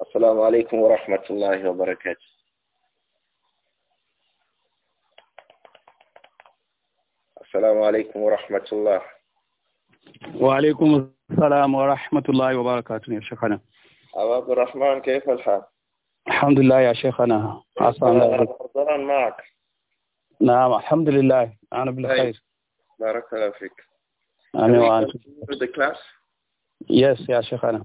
السلام عليكم ورحمة الله وبركاته السلام عليكم ورحمة الله وعليكم السلام ورحمة الله وبركاته يا شيخنا أبو عبد الرحمن كيف الحال؟ الحمد لله يا شيخنا أصلا أنا معك نعم الحمد لله أنا بالخير طيب. بارك الله فيك أنا وأنت في class? Yes يا شيخنا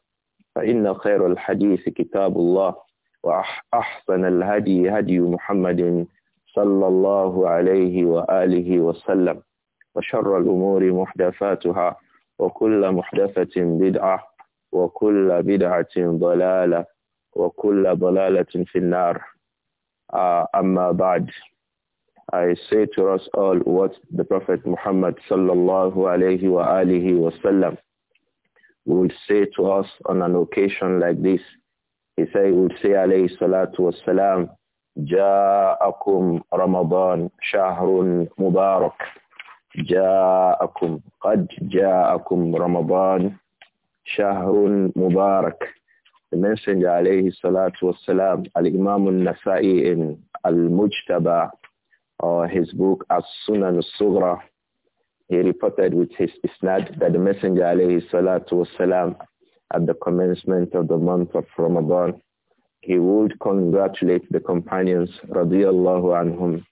فإن خير الحديث كتاب الله وأحسن الهدي هدي محمد صلى الله عليه وآله وسلم وشر الأمور محدثاتها وكل محدثة بدعة وكل بدعة ضلالة وكل ضلالة في النار uh, أما بعد I say to us all what the Prophet Muhammad sallallahu alayhi wa alihi wa sallam will say to us on an occasion like this. He said, would say, alayhi salatu wassalam, Ja'akum Ramadan Shahrun Mubarak. Ja'akum, qad ja'akum Ramadan Shahrun Mubarak. The Messenger, alayhi salatu wassalam, al-Imam al-Nasai in al-Mujtaba, or his book, As-Sunan al-Sughra, he reported with his isnad that the Messenger alayhi salatu wasalam at the commencement of the month of Ramadan, he would congratulate the companions radiallahu anhum.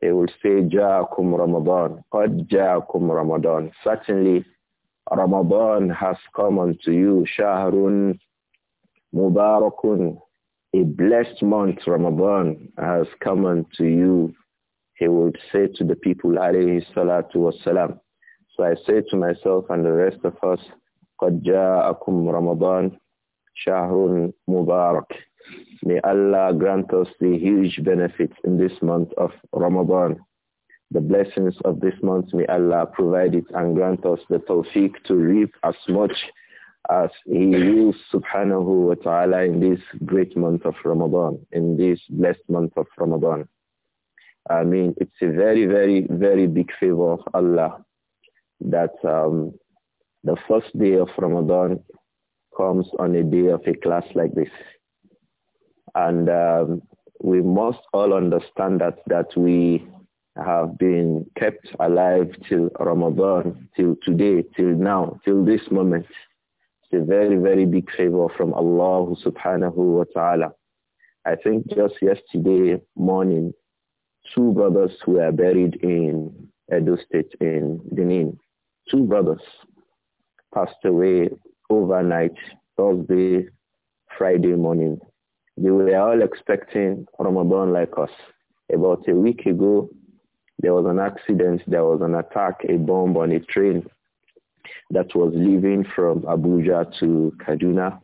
He would say, Ja'akum Ramadan, Qad Ja'akum Ramadan. Certainly, Ramadan has come unto you, Shahrun Mubarakun. A blessed month, Ramadan, has come unto you he would say to the people, alayhi salatu wassalam. So I say to myself and the rest of us, قَدْ جَاءَكُمْ رَمَضَانِ شَهْرٌ مُبَارَكٌ May Allah grant us the huge benefits in this month of Ramadan. The blessings of this month, may Allah provide it and grant us the tawfiq to reap as much as He wills subhanahu wa ta'ala in this great month of Ramadan, in this blessed month of Ramadan. I mean, it's a very, very, very big favor of Allah that um, the first day of Ramadan comes on a day of a class like this. And um, we must all understand that, that we have been kept alive till Ramadan, till today, till now, till this moment. It's a very, very big favor from Allah subhanahu wa ta'ala. I think just yesterday morning two brothers who were buried in Edo State in Benin. Two brothers passed away overnight, Thursday, Friday morning. They were all expecting Ramadan like us. About a week ago, there was an accident, there was an attack, a bomb on a train that was leaving from Abuja to Kaduna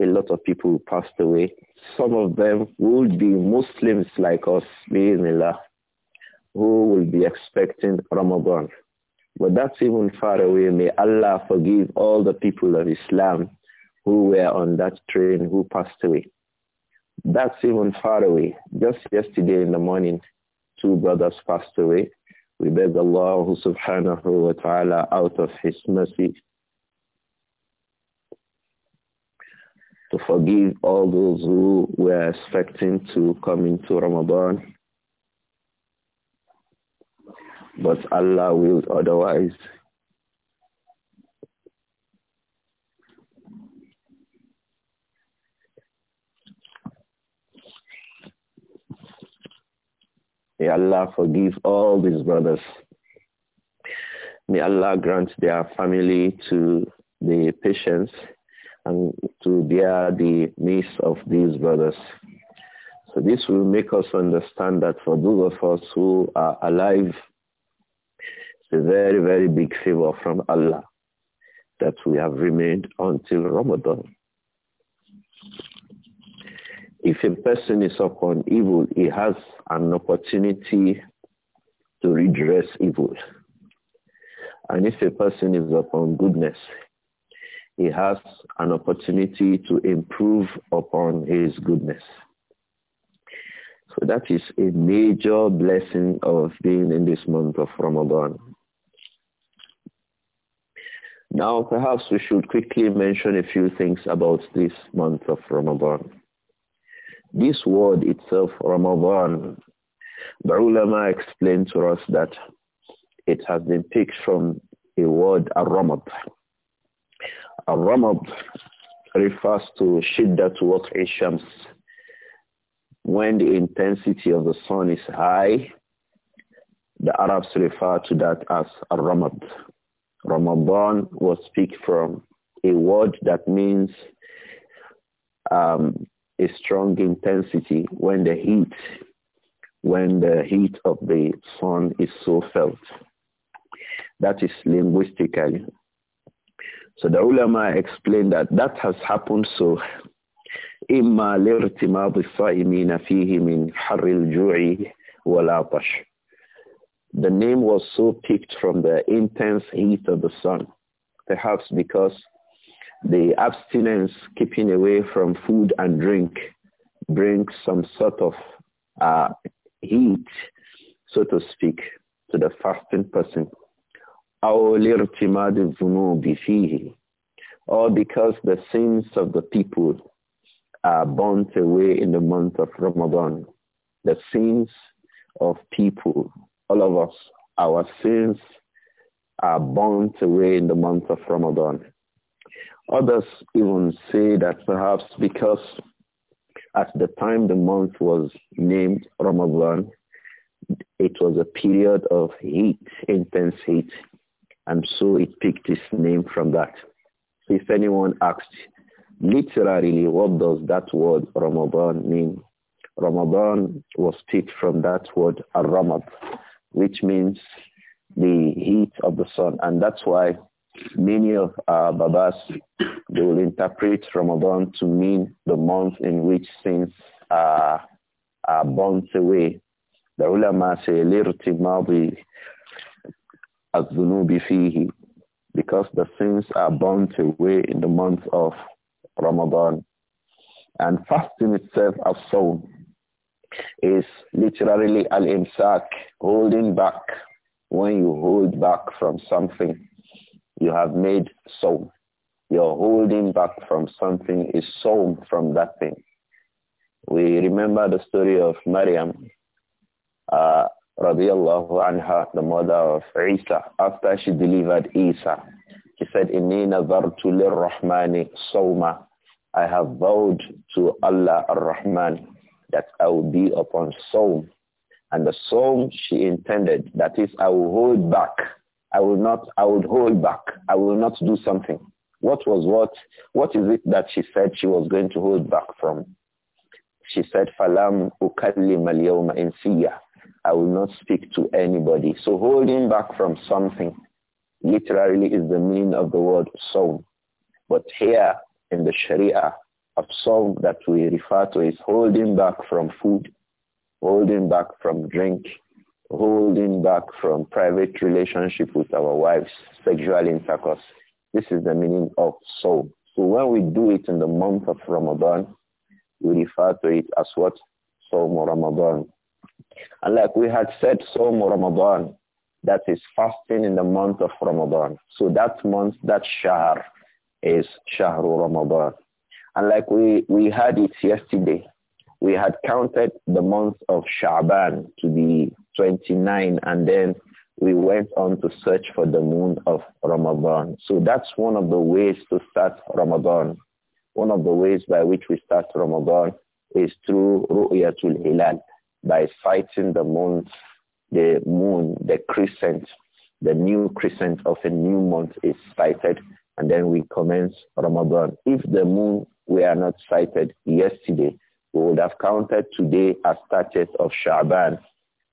a lot of people passed away. Some of them would be Muslims like us, who will be expecting Ramadan. But that's even far away. May Allah forgive all the people of Islam who were on that train who passed away. That's even far away. Just yesterday in the morning, two brothers passed away. We beg Allah subhanahu wa ta'ala out of his mercy to forgive all those who were expecting to come into Ramadan. But Allah willed otherwise. May Allah forgive all these brothers. May Allah grant their family to the patience and to bear the needs of these brothers. So this will make us understand that for those of us who are alive, it's a very, very big favor from Allah that we have remained until Ramadan. If a person is upon evil, he has an opportunity to redress evil. And if a person is upon goodness, he has an opportunity to improve upon his goodness. So that is a major blessing of being in this month of Ramadan. Now perhaps we should quickly mention a few things about this month of Ramadan. This word itself, Ramadan, the ulama explained to us that it has been picked from a word, a Ramadan ar ramad refers to shiddat waq'i ishams. When the intensity of the sun is high, the Arabs refer to that as ar ramad Ramadan was speak from a word that means um, a strong intensity when the heat, when the heat of the sun is so felt. That is linguistically so the ulama explained that that has happened so إما لارتماض الصائمين فيه من حر الجوع والعطش. The name was so picked from the intense heat of the sun, perhaps because the abstinence, keeping away from food and drink, brings some sort of uh, heat, so to speak, to the fasting person or because the sins of the people are burnt away in the month of Ramadan. The sins of people, all of us, our sins are burnt away in the month of Ramadan. Others even say that perhaps because at the time the month was named Ramadan, it was a period of heat, intense heat. And so it picked its name from that. If anyone asked, literally, what does that word Ramadan mean? Ramadan was picked from that word Ramad, which means the heat of the sun. And that's why many of our Babas, they will interpret Ramadan to mean the month in which sins are, are burnt away. The ulama say, الذنوب fihi, because the sins are burnt away in the month of Ramadan. And fasting itself as so is literally al-imsak, holding back. When you hold back from something, you have made so. You're holding back from something is so from that thing. We remember the story of Maryam uh, radiallahu anha, the mother of Isa, after she delivered Isa, she said, إِنِّي نَذَرْتُ لِلرَّحْمَنِ صَوْمًا I have vowed to Allah ar-Rahman that I will be upon Psalm. And the Psalm she intended, that is, I will hold back. I will not, I will hold back. I will not do something. What was what? What is it that she said she was going to hold back from? She said, Falam ukallim al-yawma insiya. I will not speak to anybody. So holding back from something literally is the meaning of the word sawm. But here in the Sharia, a sawm that we refer to is holding back from food, holding back from drink, holding back from private relationship with our wives, sexual intercourse. This is the meaning of sawm. So when we do it in the month of Ramadan, we refer to it as what? Sawm Ramadan. And like we had said, Psalm Ramadan, that is fasting in the month of Ramadan. So that month, that Shahr is Shahru Ramadan. And like we, we had it yesterday, we had counted the month of Sha'ban to be 29 and then we went on to search for the moon of Ramadan. So that's one of the ways to start Ramadan. One of the ways by which we start Ramadan is through Ru'yatul Hilal by fighting the moon, the moon, the crescent, the new crescent of a new month is sighted, and then we commence Ramadan. If the moon were not sighted yesterday, we would have counted today as 30th of Shaban,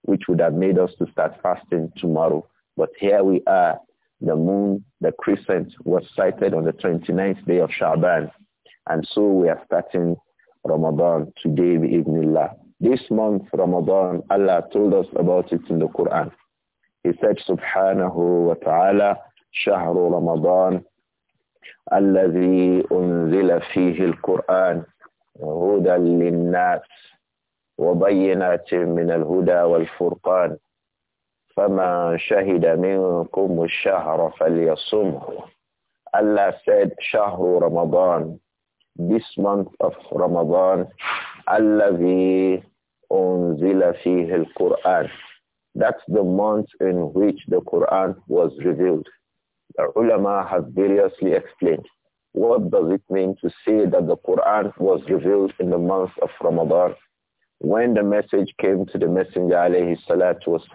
which would have made us to start fasting tomorrow. But here we are. The moon, the crescent, was sighted on the 29th day of Shaban. And so we are starting Ramadan today, bi-ibnillah. This month, Ramadan, Allah told us about it in the Quran. He said, Subhanahu wa ta'ala, شهر رمضان الذي أنزل فيه القرآن هدى للناس وبينات من الهدى والفرقان فما شهد منكم الشهر فليصمه Allah said شهر رمضان this month of Ramadan الذي أنزل al-Qur'an. That's the month in which the Quran was revealed. The ulama have variously explained. What does it mean to say that the Quran was revealed in the month of Ramadan? When the message came to the Messenger alayhi salatu was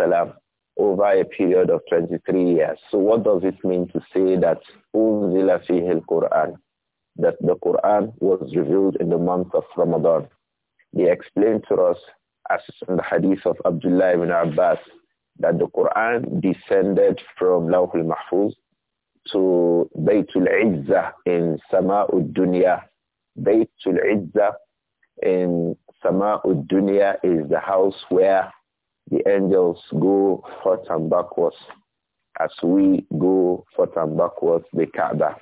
over a period of 23 years. So what does it mean to say that unzila fihi al-Quran? That the Quran was revealed in the month of Ramadan. They explained to us as in the hadith of Abdullah ibn Abbas, that the Quran descended from Lawhul Mahfuz to Baytul Izzah in Sama'ud Dunya. Baytul Izzah in Sama'ud Dunya is the house where the angels go forth and backwards as we go forth and backwards the Kaaba.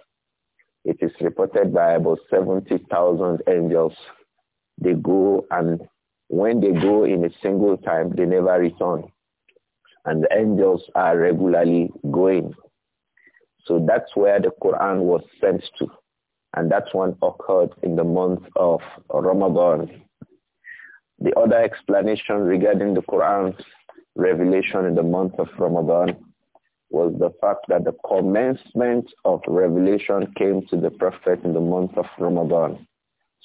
It is reported by about 70,000 angels. They go and when they go in a single time, they never return. And the angels are regularly going. So that's where the Quran was sent to. And that one occurred in the month of Ramadan. The other explanation regarding the Quran's revelation in the month of Ramadan was the fact that the commencement of revelation came to the prophet in the month of Ramadan.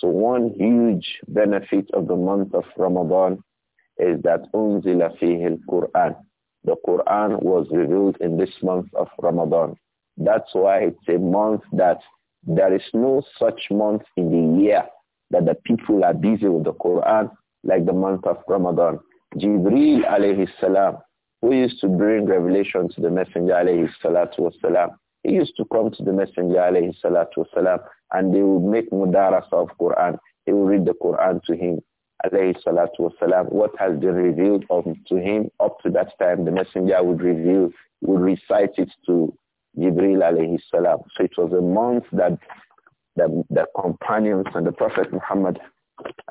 So one huge benefit of the month of Ramadan is that unzila fihi al-Quran. The Quran was revealed in this month of Ramadan. That's why it's a month that there is no such month in the year that the people are busy with the Quran like the month of Ramadan. Jibril alayhi salam, who used to bring revelation to the Messenger alayhi salatu was salam, he used to come to the Messenger alayhi salatu wasalam and they would make mudarasa of Quran. They would read the Quran to him alayhi salatu wasalam. What has been revealed of, to him up to that time, the Messenger would reveal, would recite it to Jibril alayhi salam. So it was a month that the, the companions and the Prophet Muhammad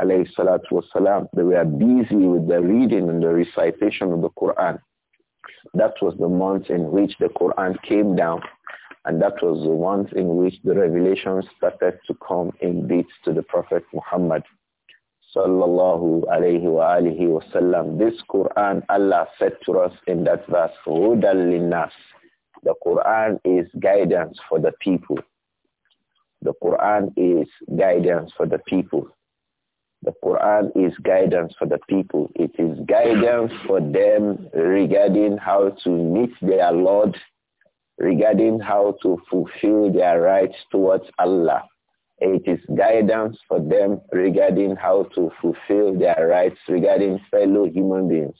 alayhi salatu wasalam, they were busy with the reading and the recitation of the Quran. That was the month in which the Quran came down and that was the ones in which the revelation started to come in bits to the Prophet Muhammad. Sallallahu alayhi wa alihi wa sallam. This Quran Allah said to us in that verse, Hudal linnas. The Quran is guidance for the people. The Quran is guidance for the people. The Quran is guidance for the people. It is guidance for them regarding how to meet their Lord regarding how to fulfill their rights towards Allah. It is guidance for them regarding how to fulfill their rights regarding fellow human beings.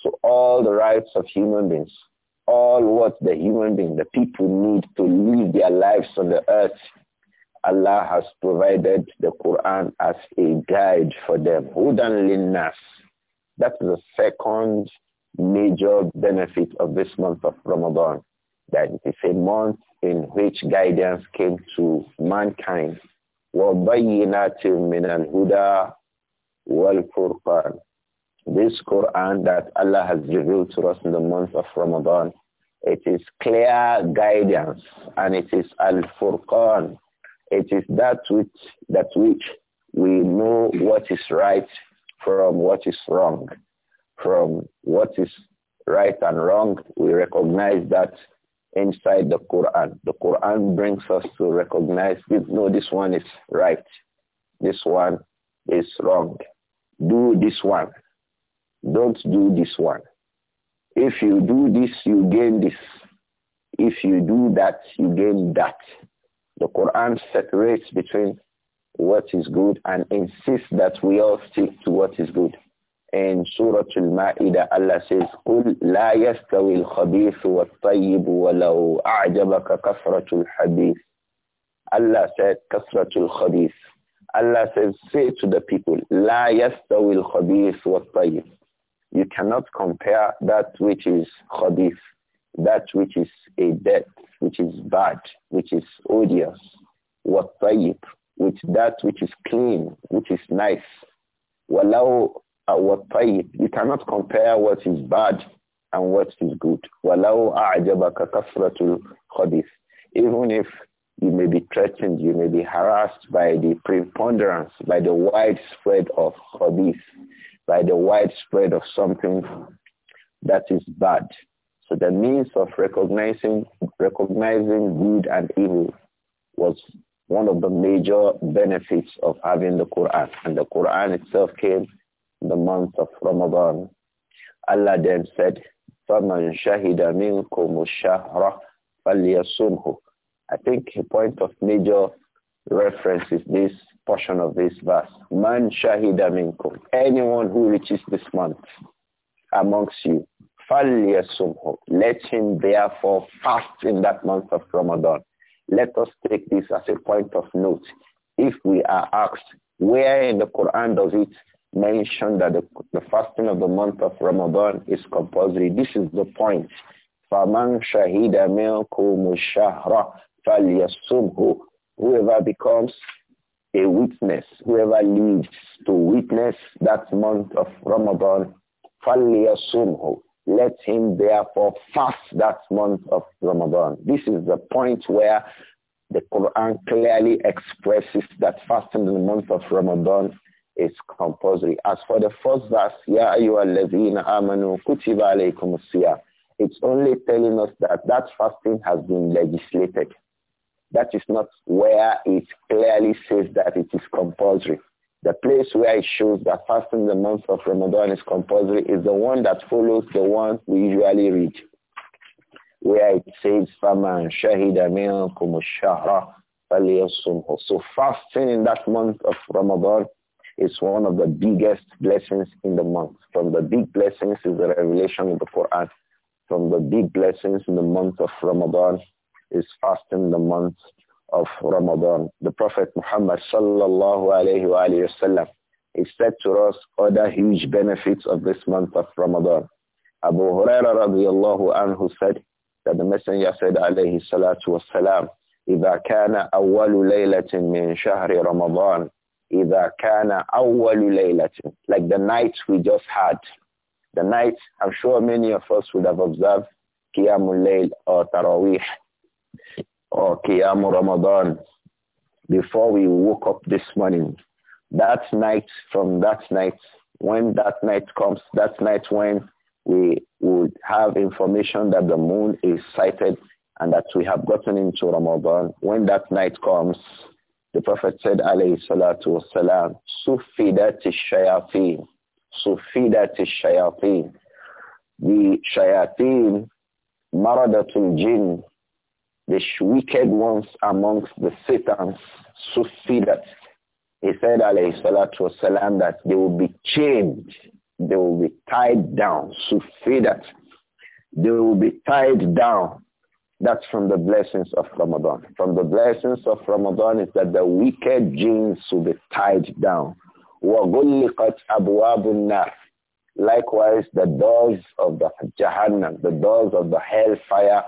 So all the rights of human beings, all what the human being, the people need to live their lives on the earth, Allah has provided the Quran as a guide for them. Hudan linnas. That's the second major benefit of this month of Ramadan that it is a month in which guidance came to mankind. وَبَيِّنَاتٍ مِنَ الْهُدَى وَالْفُرْقَانِ This Quran that Allah has revealed to us in the month of Ramadan, it is clear guidance and it is al-furqan. It is that which, that which we know what is right from what is wrong. From what is right and wrong, we recognize that inside the Quran. The Quran brings us to recognize, no, this one is right. This one is wrong. Do this one. Don't do this one. If you do this, you gain this. If you do that, you gain that. The Quran separates between what is good and insists that we all stick to what is good in Surah Al-Ma'idah, Allah says, قُلْ لَا يَسْتَوِي الْخَبِيثُ وَالطَّيِّبُ وَلَوْ أَعْجَبَكَ كَثْرَةُ الْحَدِيثِ Allah said, كَثْرَةُ الْخَبِيثِ Allah says, say to the people, لَا يَسْتَوِي الْخَبِيثُ وَالطَّيِّبُ You cannot compare that which is khabith, that which is a death, which is bad, which is odious, وَالطَّيِّبُ with that which is clean, which is nice. وَلَوْ والطيب uh, You cannot compare what is bad and what is good. وَلَوْ أَعْجَبَكَ كَثْرَةُ الْخَبِثِ Even if you may be threatened, you may be harassed by the preponderance, by the widespread of khabith, by the widespread of something that is bad. So the means of recognizing recognizing good and evil was one of the major benefits of having the Quran. And the Quran itself came the month of Ramadan. Allah then said, فَمَنْ شَهِدَ مِنْكُمُ الشَّهْرَ فَلْيَصُمْهُ I think a point of major reference is this portion of this verse. Man shahida minkum. Anyone who reaches this month amongst you, falyasumhu. Let him therefore fast in that month of Ramadan. Let us take this as a point of note. If we are asked, where in the Quran does it mentioned that the, the fasting of the month of Ramadan is compulsory. This is the point. فَمَنْ شَهِدَ مِنْكُمُ الشَّهْرَ فَلْيَصُمْهُ Whoever becomes a witness, whoever leads to witness that month of Ramadan, فَلْيَصُمْهُ Let him therefore fast that month of Ramadan. This is the point where the Quran clearly expresses that fasting in the month of Ramadan is compulsory. As for the first verse, Ya ayyuhalladhina amanu kutiba alaykum siyam. It's only telling us that that fasting has been legislated. That is not where it clearly says that it is compulsory. The place where it shows that fasting the month of Ramadan is compulsory is the one that follows the one we usually read, where it says, فَمَنْ شَهِدَ So fasting in that month of Ramadan it's one of the biggest blessings in the month. From the big blessings is the revelation of the Quran. From the big blessings in the month of Ramadan is fasting the month of Ramadan. The Prophet Muhammad sallallahu alayhi wa, sallam, he said to us other huge benefits of this month of Ramadan. Abu Huraira radiallahu anhu said that the Messenger said alayhi salatu wasalam, إذا كان أول ليلة من شهر رمضان إِذَا كَانَ أَوَّلُ لَيْلَةٍ Like the night we just had. The night, I'm sure many of us would have observed Qiyamul or Taraweeh or Qiyamul before we woke up this morning. That night, from that night, when that night comes, that night when we would have information that the moon is sighted and that we have gotten into Ramadan, when that night comes, the Prophet said, alayhi salatu wasalam, sufidat shayateen. Sufidat shayateen. The shayateen, maradatul jinn, the wicked ones amongst the satans, sufidat. He said, alayhi salatu wasalam, that they will be chained. They will be tied down. Sufidat. They will be tied down that's from the blessings of Ramadan. From the blessings of Ramadan is that the wicked genes will be tied down. Likewise, the doors of the Jahannam, the doors of the hellfire,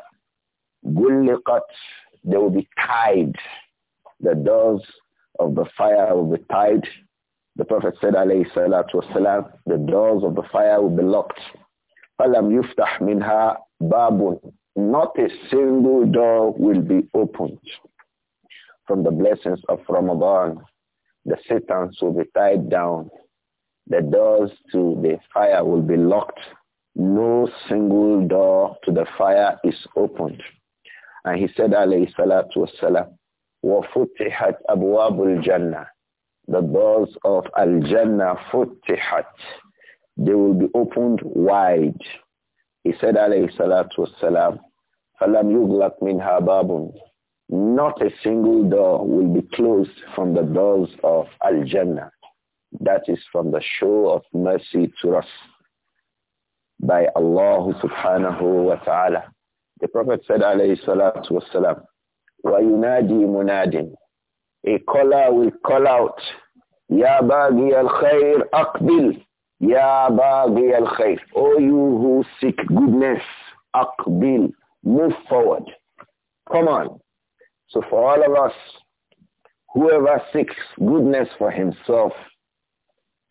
They will be tied. The doors of the fire will be tied. The Prophet said, alayhi salatu wasalam, the doors of the fire will be locked. فَلَمْ يُفْتَحْ مِنْهَا بَابٌ not a single door will be opened from the blessings of Ramadan. The satans will be tied down. The doors to the fire will be locked. No single door to the fire is opened. And he said, alayhi salatu wassalam, وَفُتِحَتْ أَبْوَابُ الْجَنَّةِ The doors of Al-Jannah فُتِحَتْ They will be opened wide. He said, alayhi salatu wassalam, فَلَمْ يُغْلَقْ مِنْهَا بَابٌ Not a single door will be closed from the doors of Al-Jannah. That is from the show of mercy to us by Allah subhanahu wa ta'ala. The Prophet said, alayhi salatu wassalam, yunadi munadin.' A caller will call out, يَا al-khair akbil.'" Ya Baghi al Khair, O you who seek goodness, Akbil, move forward. Come on. So for all of us, whoever seeks goodness for himself,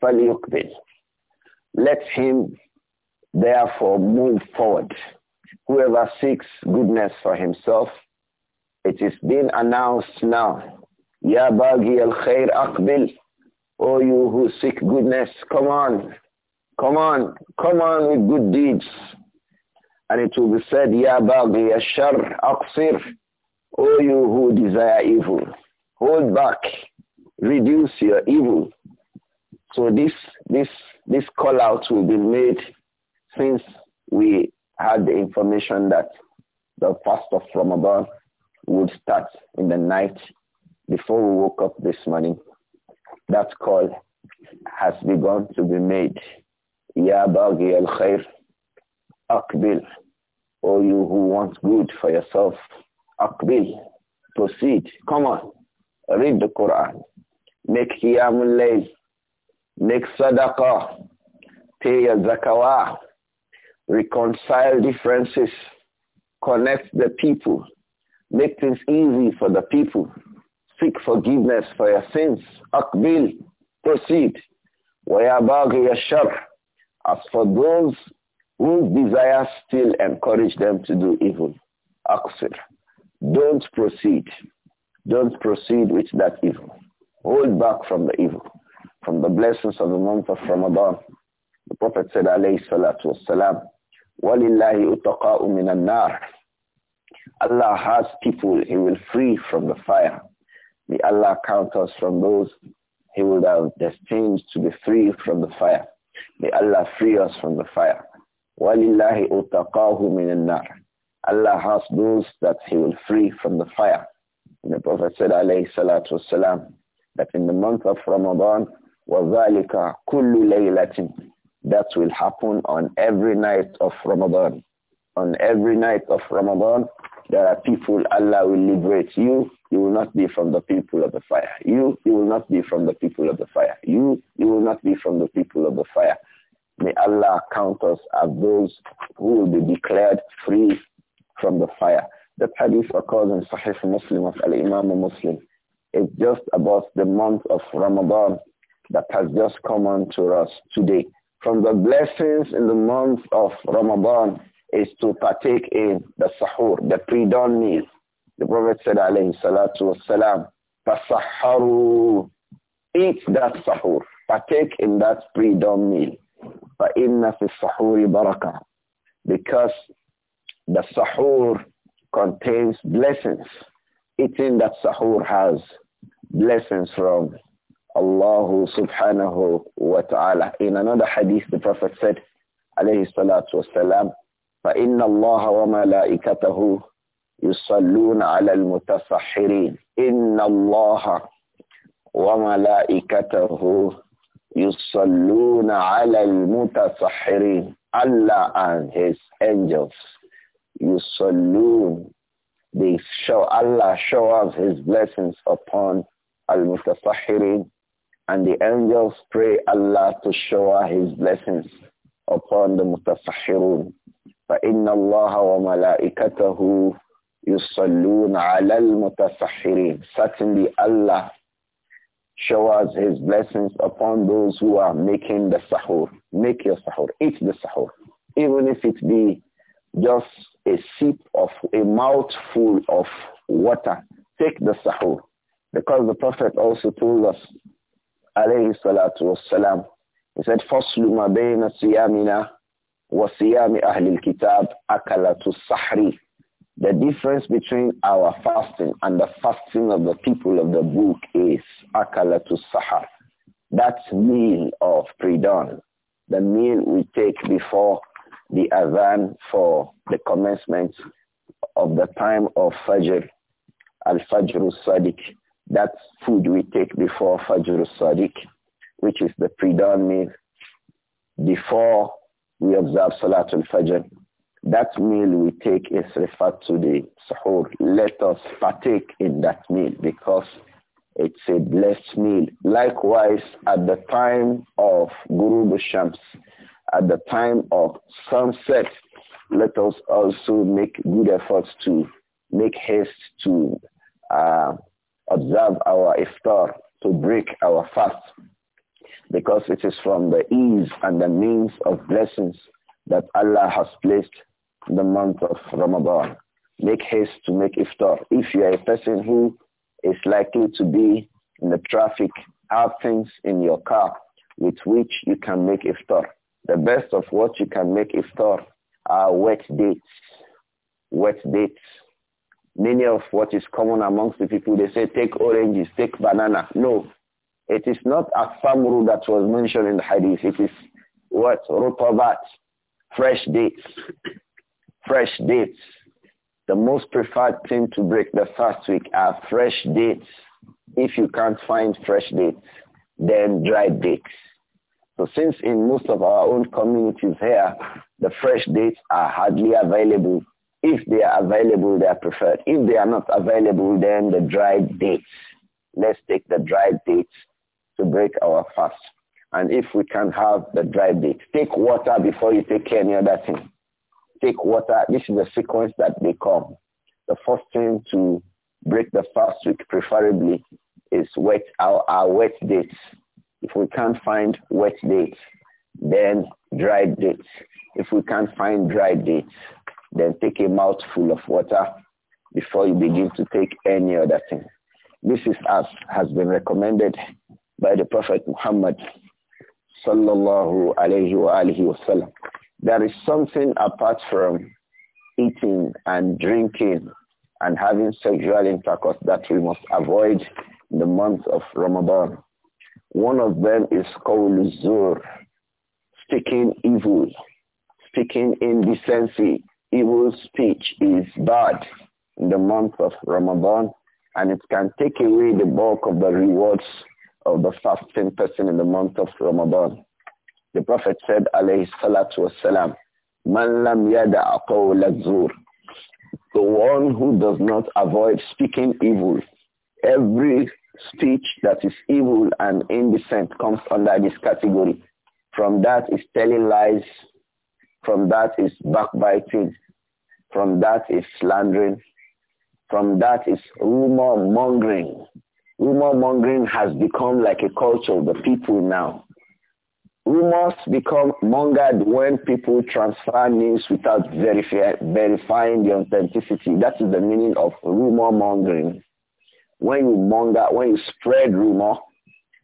فَلْيُقْبِلْ Let him therefore move forward. Whoever seeks goodness for himself, it is being announced now. Ya Baghi al Khair, Akbil all you who seek goodness, come on. Come on. Come on with good deeds. And it will be said, Ya Baghi Ashar Aqsir. all you who desire evil, hold back. Reduce your evil. So this, this, this call out will be made since we had the information that the fast of Ramadan would start in the night before we woke up this morning that call has begun to be made. Ya Baghi al Khair, Akbil, or you who want good for yourself, Akbil, proceed, come on, read the Quran, make Qiyamul Layl, make Sadaqah, pay your Zakawah, reconcile differences, connect the people, make things easy for the people. Seek forgiveness for your sins. Akbil, proceed. Wayabaghi As for those who desire still encourage them to do evil. Aksir. Don't proceed. Don't proceed with that evil. Hold back from the evil, from the blessings of the month of Ramadan. The Prophet said, alayhi salatu wassalam, وَلِلَّهِ أُتَقَاءُ مِنَ النَّارِ Allah has people he will free from the fire. May Allah count us from those he would have destined to be free from the fire. May Allah free us from the fire. وَلِلَّهِ min al-nar. Allah has those that he will free from the fire. And the Prophet said, alayhi salatu wasalam, that in the month of Ramadan, وَذَلِكَ كُلُّ لَيْلَةٍ That will happen on every night of Ramadan. On every night of Ramadan, there are people Allah will liberate. You, you will not be from the people of the fire. You, you will not be from the people of the fire. You, you will not be from the people of the fire. May Allah count us as those who will be declared free from the fire. That hadith occurs in Sahih Muslim of Al-Imam Muslim. It's just about the month of Ramadan that has just come on to us today. From the blessings in the month of Ramadan is to partake in the sahur, the pre-dawn meal. The Prophet said, alayhi salatu wasalam, fasaharu, eat that sahur, partake in that pre-dawn meal. فَإِنَّ فِي السَّحُورِ بَرَكَةً Because the sahur contains blessings. Eating that sahur has blessings from Allah subhanahu wa ta'ala. In another hadith, the Prophet said, alayhi salatu wasalam, فإن الله وملائكته يصلون على المتفحرين إن الله وملائكته يصلون على المتفحرين Allah and his angels يصلون they show Allah showers his blessings upon al-mutasahirin and the angels pray Allah to shower his blessings upon the mutasahirun فإن الله وملائكته يصلون على المتسحرين certainly Allah showers his blessings upon those who are making the sahur make your sahur eat the sahur even if it be just a sip of a mouthful of water take the sahur because the prophet also told us alayhi salatu wassalam he said فَصْلُ مَا بَيْنَ صِيَامِنَا وَصِيَامِ أَهْلِ الْكِتَابِ أَكَلَةُ السَّحْرِ The difference between our fasting and the fasting of the people of the book is akalatu sahar. That meal of pre-dawn, the meal we take before the adhan for the commencement of the time of Fajr, Al-Fajr Sadiq. That food we take before Fajr Sadiq, which is the pre-dawn meal, before we observe Salatul Fajr. That meal we take is referred to the sahur. Let us partake in that meal because it's a blessed meal. Likewise, at the time of Guru Bushams, at the time of sunset, let us also make good efforts to make haste to uh, observe our iftar, to break our fast because it is from the ease and the means of blessings that Allah has placed in the month of Ramadan. Make haste to make iftar. If you are a person who is likely to be in the traffic, have things in your car with which you can make iftar. The best of what you can make iftar are wet dates. Wet dates. Many of what is common amongst the people, they say take oranges, take banana. No, it is not a samru that was mentioned in the hadith. It is what? Rutabat. Fresh dates. Fresh dates. The most preferred thing to break the fast week are fresh dates. If you can't find fresh dates, then dry dates. So since in most of our own communities here, the fresh dates are hardly available. If they are available, they are preferred. If they are not available, then the dried dates. Let's take the dried dates to break our fast. And if we can have the dry date, take water before you take any other thing. Take water. This is the sequence that they come. The first thing to break the fast week preferably is wet our, our wet dates. If we can't find wet dates, then dry dates. If we can't find dry dates, then take a mouthful of water before you begin to take any other thing. This is as has been recommended by the Prophet Muhammad sallallahu alayhi wa alihi wasallam. There is something apart from eating and drinking and having sexual intercourse that we must avoid in the month of Ramadan. One of them is called Zur, speaking evil, speaking indecency. Evil speech is bad in the month of Ramadan and it can take away the bulk of the rewards of the fasting person in the month of Ramadan. The Prophet said, alayhi salatu wasalam, man lam yada zur. The one who does not avoid speaking evil. Every speech that is evil and indecent comes under this category. From that is telling lies. From that is backbiting. From that is slandering. From that is rumor mongering. Rumor mongering has become like a culture of the people now. Rumors become mongered when people transfer news without verify, verifying the authenticity. That is the meaning of rumor mongering. When you monger, when you spread rumor,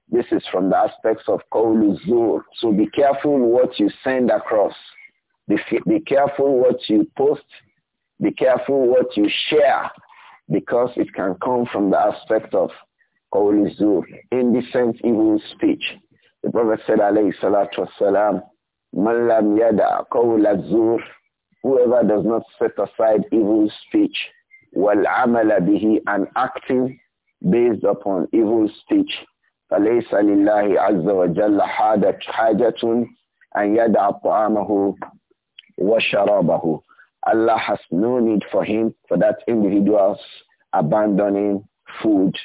this is from the aspects of Kauluzur. So be careful what you send across. Be, be careful what you post. Be careful what you share because it can come from the aspect of قول الزور indecent evil speech the prophet said alayhi salatu wasalam man lam yada قول الزور whoever does not set aside evil speech والعمل به and acting based upon evil speech فليس لله عز وجل حاجة حاجة أن يدع طعامه وشرابه Allah has no need for him, for that individual's abandoning food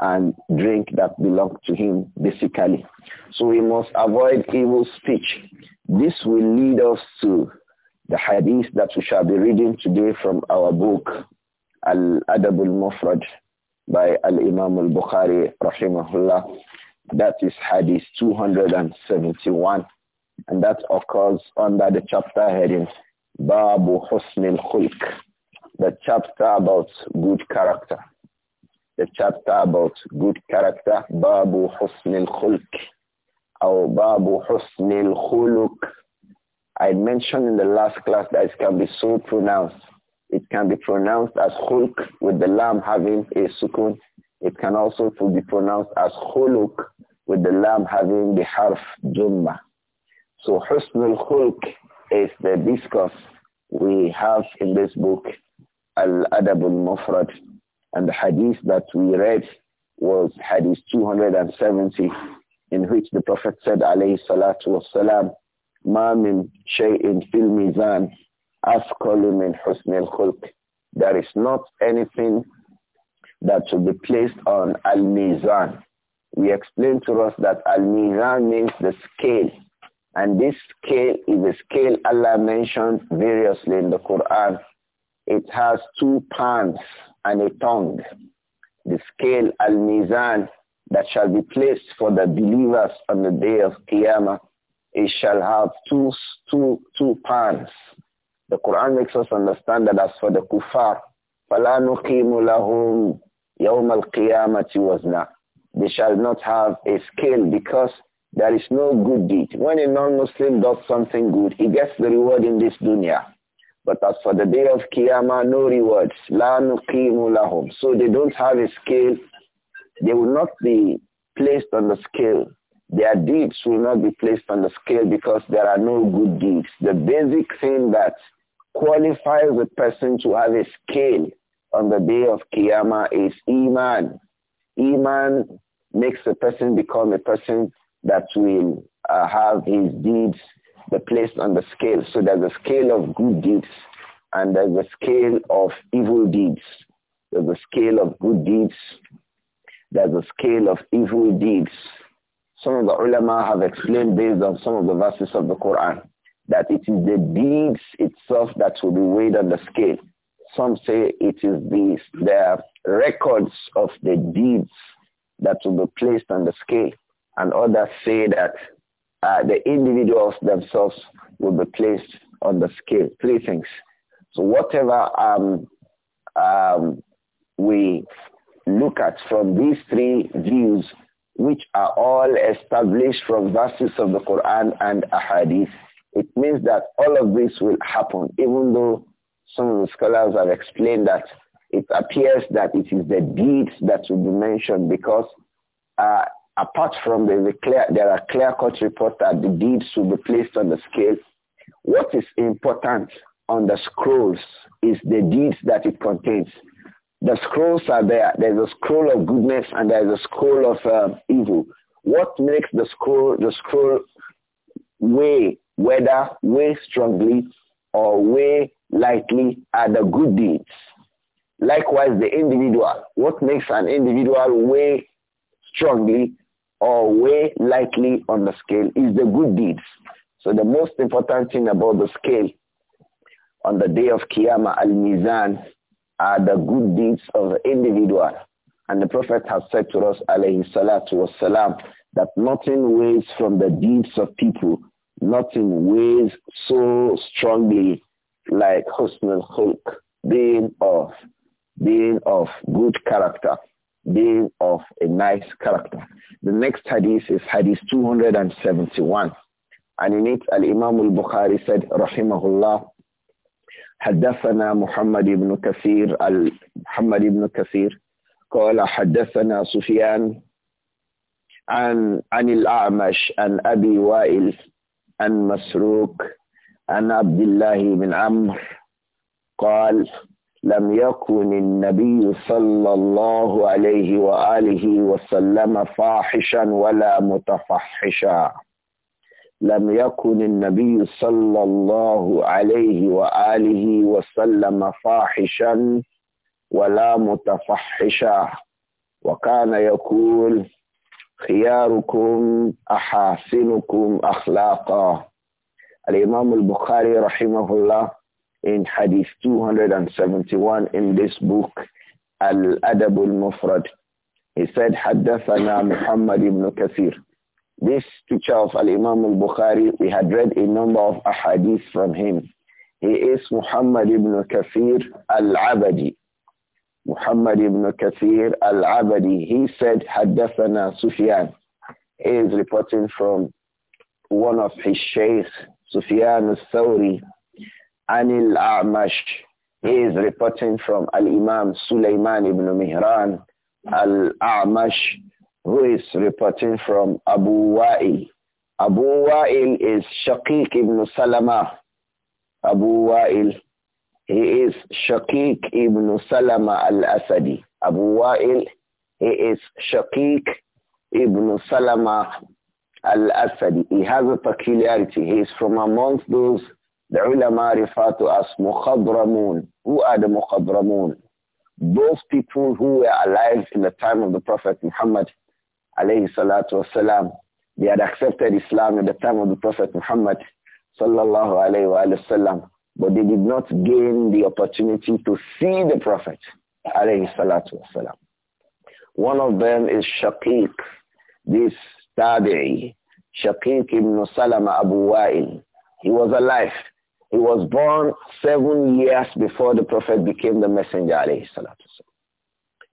and drink that belong to him, basically. So we must avoid evil speech. This will lead us to the hadith that we shall be reading today from our book, Al-Adab al-Mufrad by Al-Imam al-Bukhari, rahimahullah. That is hadith 271. And that occurs under the chapter heading, Babu Husn al-Khulq, the chapter about good character the chapter about good character, Babu Husn al-Khulq, or Babu Husn khuluk. I mentioned in the last class that it can be so pronounced. It can be pronounced as khulq with the lam having a sukun. It can also be pronounced as khuluk with the lam having the harf jumma. So husnul al-khulq is the discourse we have in this book, Al-Adab al-Mufrad and the hadith that we read was hadith 270 in which the Prophet said alayhi salatu wasalam, ma min shay'in fil mizan asqalu min husn al There is not anything that should be placed on al-mizan. We explained to us that al-mizan means the scale. And this scale is a scale Allah mentioned variously in the Quran. It has two pans and a tongue, the scale al-mizan that shall be placed for the believers on the day of Qiyamah. It shall have two, two, two pans. The Quran makes us understand that as for the kuffar, فَلَا نُقِيمُ لَهُمْ يَوْمَ الْقِيَامَةِ وَزْنًا They shall not have a scale because there is no good deed. When a non-Muslim does something good, he gets the reward in this dunya. But as for the day of Qiyamah, no rewards. La nuqimu lahum. So they don't have a scale. They will not be placed on the scale. Their deeds will not be placed on the scale because there are no good deeds. The basic thing that qualifies a person to have a scale on the day of Qiyamah is Iman. Iman makes a person become a person that will uh, have his deeds they're placed on the scale. So there's a scale of good deeds and there's a scale of evil deeds. There's a scale of good deeds. There's a scale of evil deeds. Some of the ulama have explained based on some of the verses of the Quran that it is the deeds itself that will be weighed on the scale. Some say it is the, the records of the deeds that will be placed on the scale. And others say that uh, the individuals themselves will be placed on the scale. Three things. So whatever um, um, we look at from these three views, which are all established from verses of the Quran and Ahadith, it means that all of this will happen, even though some of the scholars have explained that it appears that it is the deeds that will be mentioned because uh, apart from the, clear, there are clear-cut reports that the deeds will be placed on the scale, what is important on the scrolls is the deeds that it contains. The scrolls are there. There's a scroll of goodness and there's a scroll of uh, evil. What makes the scroll the scroll weigh whether weigh strongly or weigh lightly are the good deeds. Likewise, the individual. What makes an individual weigh strongly or weigh lightly on the scale is the good deeds. So the most important thing about the scale on the day of Qiyamah al-Mizan are the good deeds of the individual. And the Prophet has said to us, alayhi salatu wasalam, that nothing weighs from the deeds of people, nothing weighs so strongly like husn al-khulq, being of, being of good character being of a nice character. The next hadith is hadith 271. And in it, Al-Imam al-Bukhari said, Rahimahullah, حدثنا محمد بن كثير محمد بن كثير قال حدثنا سفيان عن عن الأعمش عن أبي وائل عن مسروق عن عبد الله بن عمرو قال لم يكن النبي صلى الله عليه وآله وسلم فاحشا ولا متفحشا لم يكن النبي صلى الله عليه وآله وسلم فاحشا ولا متفحشا وكان يقول خياركم أحاسنكم أخلاقا الإمام البخاري رحمه الله in Hadith 271 in this book, Al-Adab al-Mufrad. He said, حدثنا Muhammad ibn Kathir. This teacher of Al-Imam al-Bukhari, we had read a number of ahadith from him. He is Muhammad ibn Kathir al-Abadi. Muhammad ibn Kathir al-Abadi. He said, حدثنا Sufyan. He is reporting from one of his sheikhs, Sufyan al-Thawri, Anil A'mash. He is reporting from Al-Imam Sulaiman ibn Mihran Al-A'mash, who is reporting from Abu Wa'il. Abu Wa'il is Shaqiq ibn Salama. Abu Wa'il, he is Shaqiq ibn Salama al-Asadi. Abu Wa'il, he is Shaqiq ibn Salama al-Asadi. He has a peculiarity. He is from amongst those the ulama refer to as mukhadramun. Who are the mukhadramun? Those people who were alive in the time of the Prophet Muhammad alayhi salatu wasalam. They had accepted Islam in the time of the Prophet Muhammad sallallahu alayhi wa sallam. But they did not gain the opportunity to see the Prophet alayhi salatu wasalam. One of them is Shaqiq, this Tabi'i, Shaqiq ibn Salama Abu Wa'il. He was alive. He was born seven years before the Prophet became the messenger,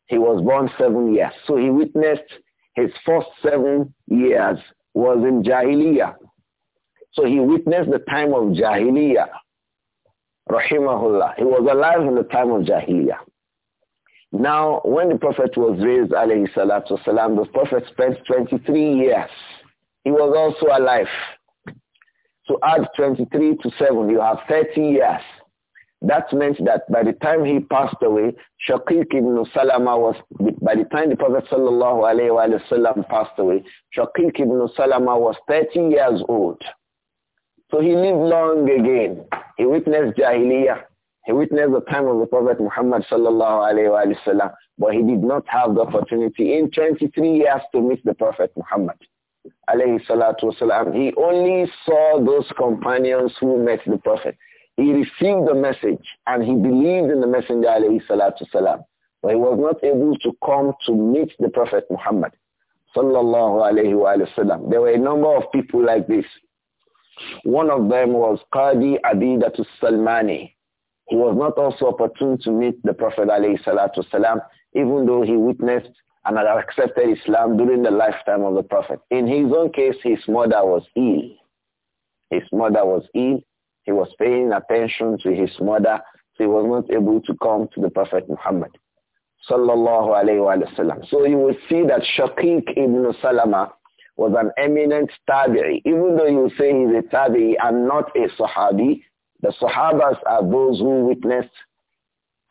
He was born seven years. So he witnessed his first seven years was in Jahiliyyah. So he witnessed the time of Jahiliyyah. Rahimahullah. He was alive in the time of Jahiliyyah. Now, when the Prophet was raised, alayhi salatu salam, the Prophet spent 23 years. He was also alive to add 23 to 7, you have 30 years. That meant that by the time he passed away, Shaqiq ibn Salama was, by the time the Prophet sallallahu alayhi wa passed away, Shaqiq ibn Salama was 30 years old. So he lived long again. He witnessed Jahiliyyah. He witnessed the time of the Prophet Muhammad sallallahu alayhi wa but he did not have the opportunity in 23 years to meet the Prophet Muhammad alayhi salatu wasalam, he only saw those companions who met the Prophet. He received the message and he believed in the Messenger alayhi salatu wasalam. But he was not able to come to meet the Prophet Muhammad sallallahu alayhi wa sallam. There were a number of people like this. One of them was Qadi Abidatus Salmani. He was not also opportune to meet the Prophet alayhi salatu wasalam, even though he witnessed and had accepted Islam during the lifetime of the Prophet. In his own case, his mother was ill. His mother was ill. He was paying attention to his mother. So he was not able to come to the Prophet Muhammad. Sallallahu alayhi wa So you will see that Shaqiq ibn Salama was an eminent tabi'i. Even though you say he's a tabi'i and not a sahabi, the sahabas are those who witnessed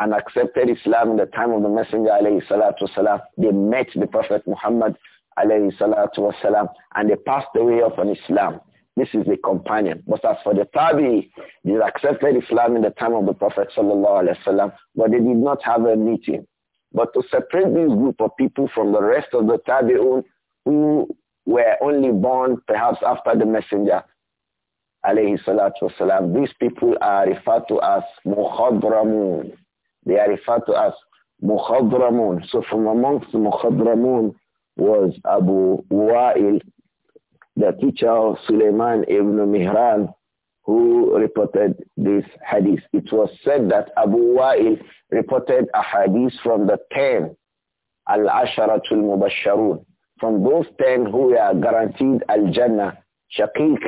and accepted Islam in the time of the Messenger alayhi salatu wasalam. They met the Prophet Muhammad alayhi salatu wasalam and they passed away upon Islam. This is the companion. But as for the Tabi, they accepted Islam in the time of the Prophet sallallahu alayhi wasalam, but they did not have a meeting. But to separate this group of people from the rest of the Tabi'un who were only born perhaps after the Messenger, alayhi salatu wasalam, these people are referred to as muhadramun they are referred to as Mukhadramun. So from amongst Mukhadramun was Abu Wa'il, the teacher of Suleiman ibn Mihran, who reported this hadith. It was said that Abu Wa'il reported a hadith from the 10, Al-Asharatul Mubasharun. From those 10 who were guaranteed Al-Jannah, Shaqiq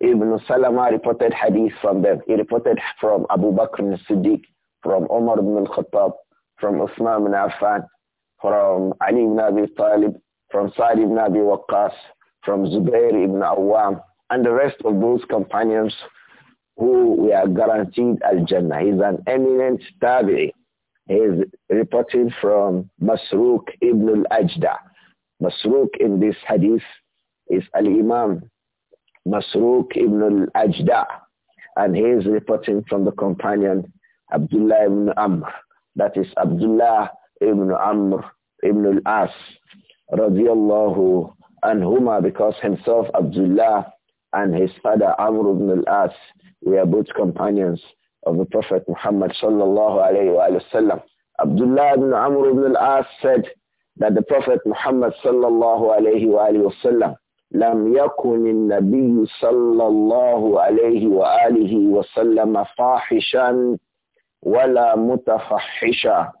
ibn Salama reported hadith from them. He reported from Abu Bakr al-Siddiq from Omar ibn al-Khattab, from Uthman ibn Affan, from Ali ibn Abi Talib, from sa ibn Abi Waqqas, from Zubair ibn Awam, and the rest of those companions who are guaranteed al-Jannah. He's an eminent tabi'i. He is reported from Masruq ibn al-Ajda. Masruq in this hadith is al-Imam Masruq ibn al-Ajda. And he is reporting from the companion Abdullah ibn Amr. That is Abdullah ibn Amr ibn al-As radiyallahu anhuma because himself Abdullah and his father Amr ibn al-As were both companions of the Prophet Muhammad sallallahu alayhi wa sallam. Abdullah ibn Amr ibn al-As said that the Prophet Muhammad sallallahu alayhi wa sallam لم يكن النبي صلى الله عليه وآله وسلم فاحشا ولا متفحشا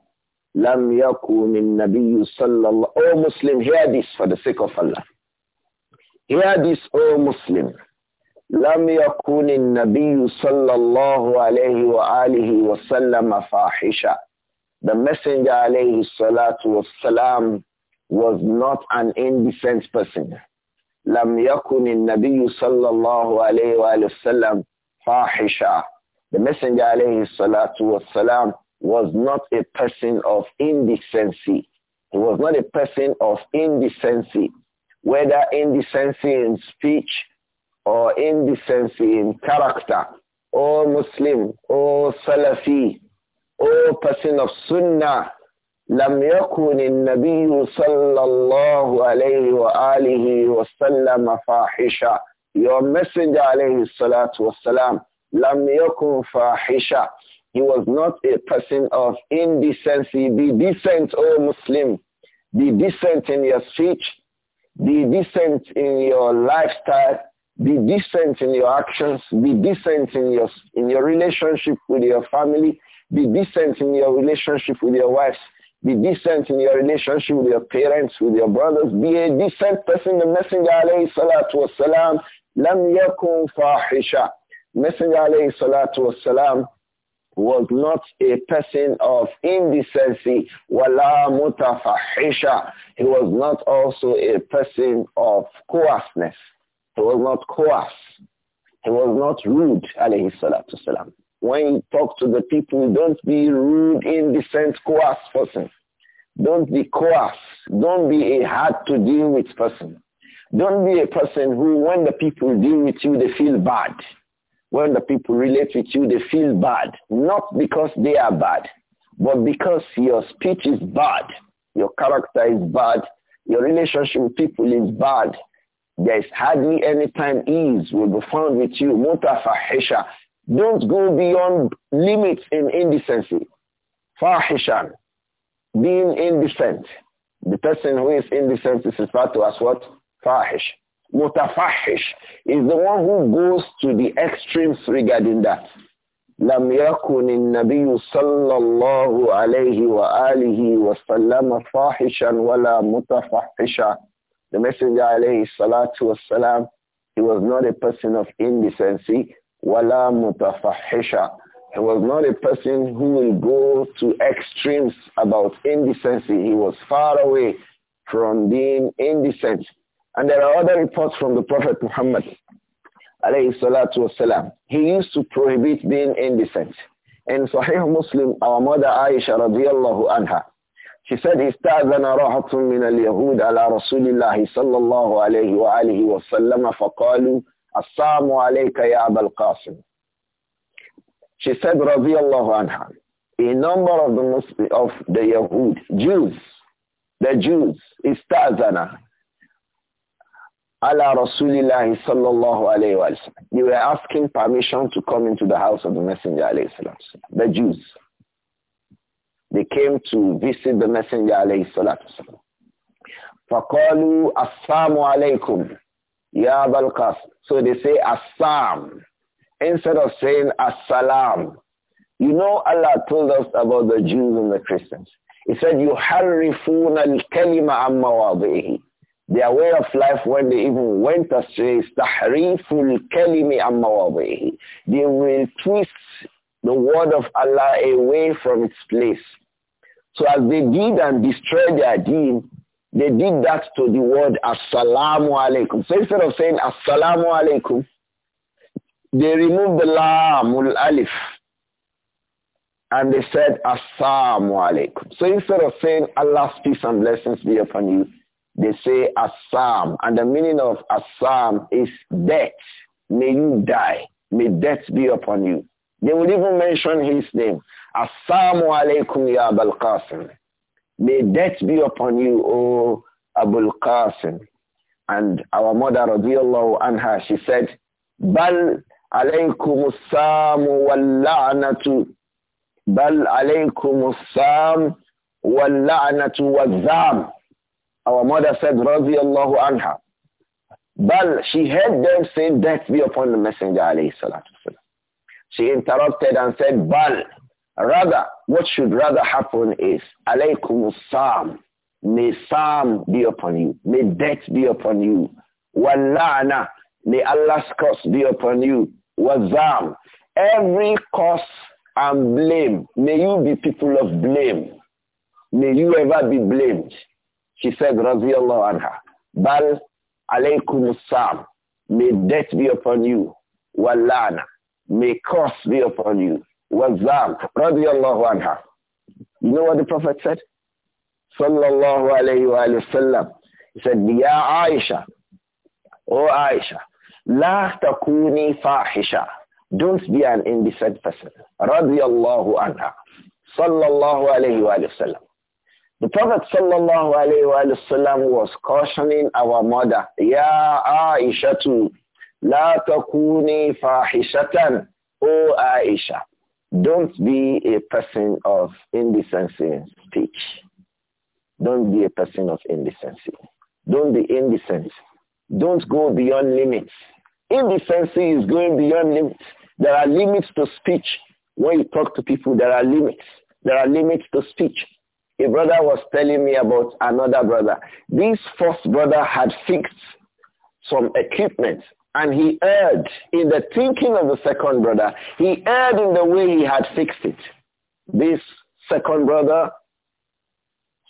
لم يكن النبي صلى الله Oh Muslim, hear this for the sake of Allah. Hear this, O oh Muslim. لم يكن النبي صلى الله عليه وآله وسلم فاحشا The Messenger عليه الصلاة والسلام was not an indecent person. لم يكن النبي صلى الله عليه وآله وسلم فاحشا the Messenger alayhi salatu wasalam was not a person of indecency. He was not a person of indecency, whether indecency in speech or indecency in character. O Muslim, O Salafi, O person of Sunnah, لم يكن النبي صلى الله عليه وآله وسلم فاحشا. Your messenger عليه الصلاة والسلام Lam yakun fahisha. He was not a person of indecency. Be decent, O Muslim. Be decent in your speech. Be decent in your lifestyle. Be decent in your actions. Be decent in your, in your relationship with your family. Be decent in your relationship with your wives. Be decent in your relationship with your parents, with your brothers. Be a decent person. The Messenger, alayhi salatu wasalam, lam yakun fahisha. Messenger alayhi salatu wasalam was not a person of indecency, wala mutafahisha. He was not also a person of coarseness. He was not coarse. He was not rude, alayhi salatu wasalam. When you talk to the people, don't be rude, indecent, coarse person. Don't be coarse. Don't be a hard to deal with person. Don't be a person who, when the people deal with you, they feel bad. When the people relate with you, they feel bad. Not because they are bad, but because your speech is bad. Your character is bad. Your relationship with people is bad. There is hardly any time ease will be found with you. Mutafahisha. Don't go beyond limits in indecency. Fahishan. Being indecent. The person who is indecent is referred to as what? Fahish. Mutafahish is the one who goes to the extremes regarding that. لم يكن النبي صلى الله عليه وآله وسلم فاحشا ولا متفحشا. The Messenger عليه الصلاة والسلام, he was not a person of indecency, ولا متفحشا. He was not a person who will go to extremes about indecency. He was far away from being indecent. And there are other reports from the Prophet Muhammad, alayhi salatu wasalam. He used to prohibit being indecent. In Sahih Muslim, our mother Aisha radiallahu anha, she said, استأذن راحة من اليهود على رسول الله صلى الله عليه وآله وسلم فقالوا السلام عليك يا أبا القاسم. She said, رضي الله عنها, a number of the, Muslim, of the Yahud, Jews, the Jews, استأذن ala Rasulillah sallallahu alayhi wa They were asking permission to come into the house of the Messenger alayhi salam. The Jews. They came to visit the Messenger alayhi salam. فَقَالُوا So they say assam instead of saying assalam. You know Allah told us about the Jews and the Christians. He said, يُحَرِّفُونَ الْكَلِمَ عَمَّ وَاضِئِهِ their way of life when they even went astray is tahriful kalimi amawadihi. They will twist the word of Allah away from its place. So as they did and destroyed their deen, they did that to the word assalamu alaikum. So instead of saying assalamu alaikum, they removed the lamul alif and they said assalamu alaikum. So instead of saying Allah's peace and blessings be upon you, they say Assam, and the meaning of Assam is death. May you die. May death be upon you. They will even mention his name. Assam alaikum ya Abul Qasim. May death be upon you, O Abul Qasim. And our mother, radiallahu anha, she said, Bal alaykum assam wal-la'natu. Bal alaykum assam wal-la'natu wal-zam. Our mother said, Allahu anha. But she heard them say, death be upon the messenger, alayhi salatu She interrupted and said, "But rather, what should rather happen is, alaykum salam. may salam be upon you, may death be upon you, wallana, may Allah's curse be upon you, wazam, every curse and blame, may you be people of blame. May you ever be blamed. She said, Radiallahu anha, Bal alaykum sam. May death be upon you. Wallana. May curse be upon you. Wazam. Radiallahu anha. You know what the Prophet said? Sallallahu alayhi wa sallam. He said, Ya Aisha. Oh Aisha. La takuni fahisha. Don't be an indecent person. Radiallahu anha. Sallallahu alayhi wa sallam. The Prophet sallallahu alayhi wa sallam was cautioning our mother, Ya Aishatu, La takuni fahishatan, O Aisha. Don't be a person of indecency in speech. Don't be a person of indecency. Don't be indecent. Don't go beyond limits. Indecency is going beyond limits. There are limits to speech. When you talk to people, there are limits. There are limits to speech. A brother was telling me about another brother. This first brother had fixed some equipment and he erred in the thinking of the second brother. He erred in the way he had fixed it. This second brother,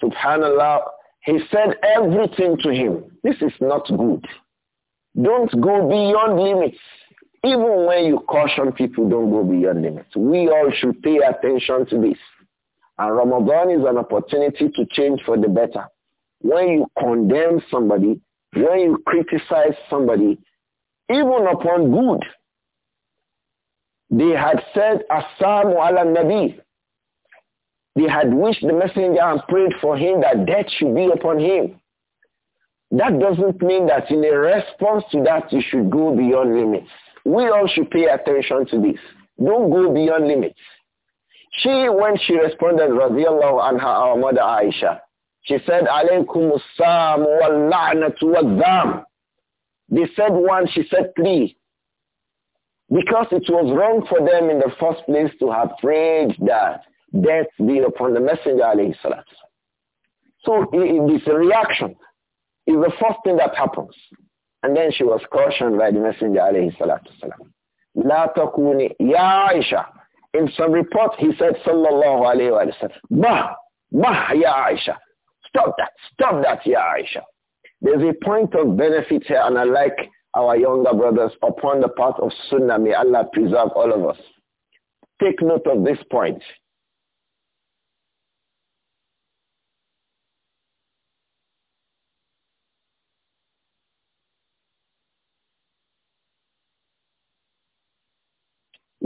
subhanallah, he said everything to him. This is not good. Don't go beyond limits. Even when you caution people, don't go beyond limits. We all should pay attention to this. And Ramadan is an opportunity to change for the better. When you condemn somebody, when you criticize somebody, even upon good, they had said, Assalamu ala Nabi. They had wished the messenger and prayed for him that death should be upon him. That doesn't mean that in a response to that, you should go beyond limits. We all should pay attention to this. Don't go beyond limits. She, when she responded, radiallahu anha, our mother Aisha, she said, alaykum usam wa lanatu wa dham They said one, she said three. Because it was wrong for them in the first place to have prayed that death be upon the messenger, alayhi salatu. So it is a reaction. It's the first thing that happens. And then she was cautioned by the messenger, alayhi salatu لا تكوني يا عائشة in some report, he said, Sallallahu Alaihi Wasallam, Bah, Bah, Ya Aisha. Stop that. Stop that, Ya Aisha. There's a point of benefit here, and I like our younger brothers upon the path of Sunnah. May Allah preserve all of us. Take note of this point.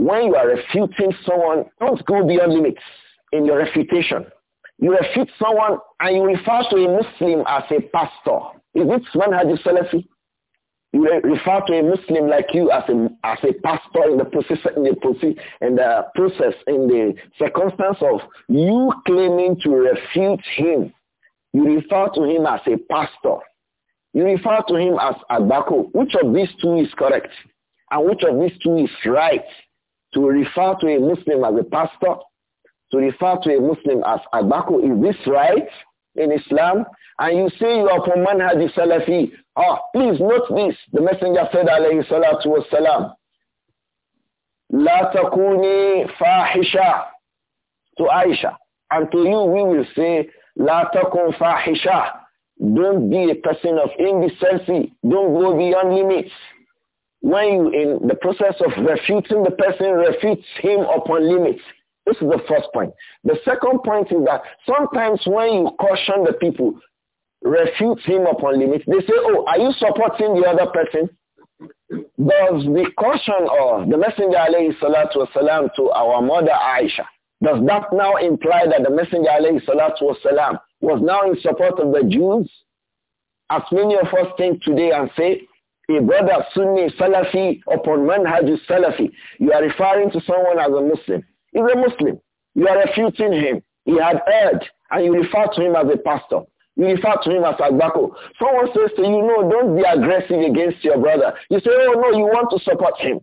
when you are refuting someone, don't go beyond limits in your refutation. You refute someone and you refer to a Muslim as a pastor. Is it Manhaj Salafi? You refer to a Muslim like you as a, as a pastor in the process, in the process, in the process, in the circumstance of you claiming to refute him. You refer to him as a pastor. You refer to him as Abako. Which of these two is correct? And which of these two is right? To refer to a Muslim as a pastor, to refer to a Muslim as Abaku, is this right in Islam? And you say you are from Manhaj Salafi. Ah, please note this. The Messenger said, alayhi salatu wasalam, La takuni fahisha to Aisha. And to you we will say, La takun fahisha. Don't be a person of indecency. Don't go beyond limits when you in the process of refuting the person refutes him upon limits. This is the first point. The second point is that sometimes when you caution the people, refute him upon limits, they say, oh, are you supporting the other person? Does the caution of the Messenger alayhi salatu wasalam to our mother Aisha, does that now imply that the Messenger alayhi salatu wasalam was now in support of the Jews? As many of us think today and say, a brother Sunni Salafi upon Manhaj Salafi, you are referring to someone as a Muslim. He's a Muslim. You are refuting him. He had erred, and you refer to him as a pastor. You refer to him as Agbako. Someone says to you, no, don't be aggressive against your brother. You say, oh, no, you want to support him.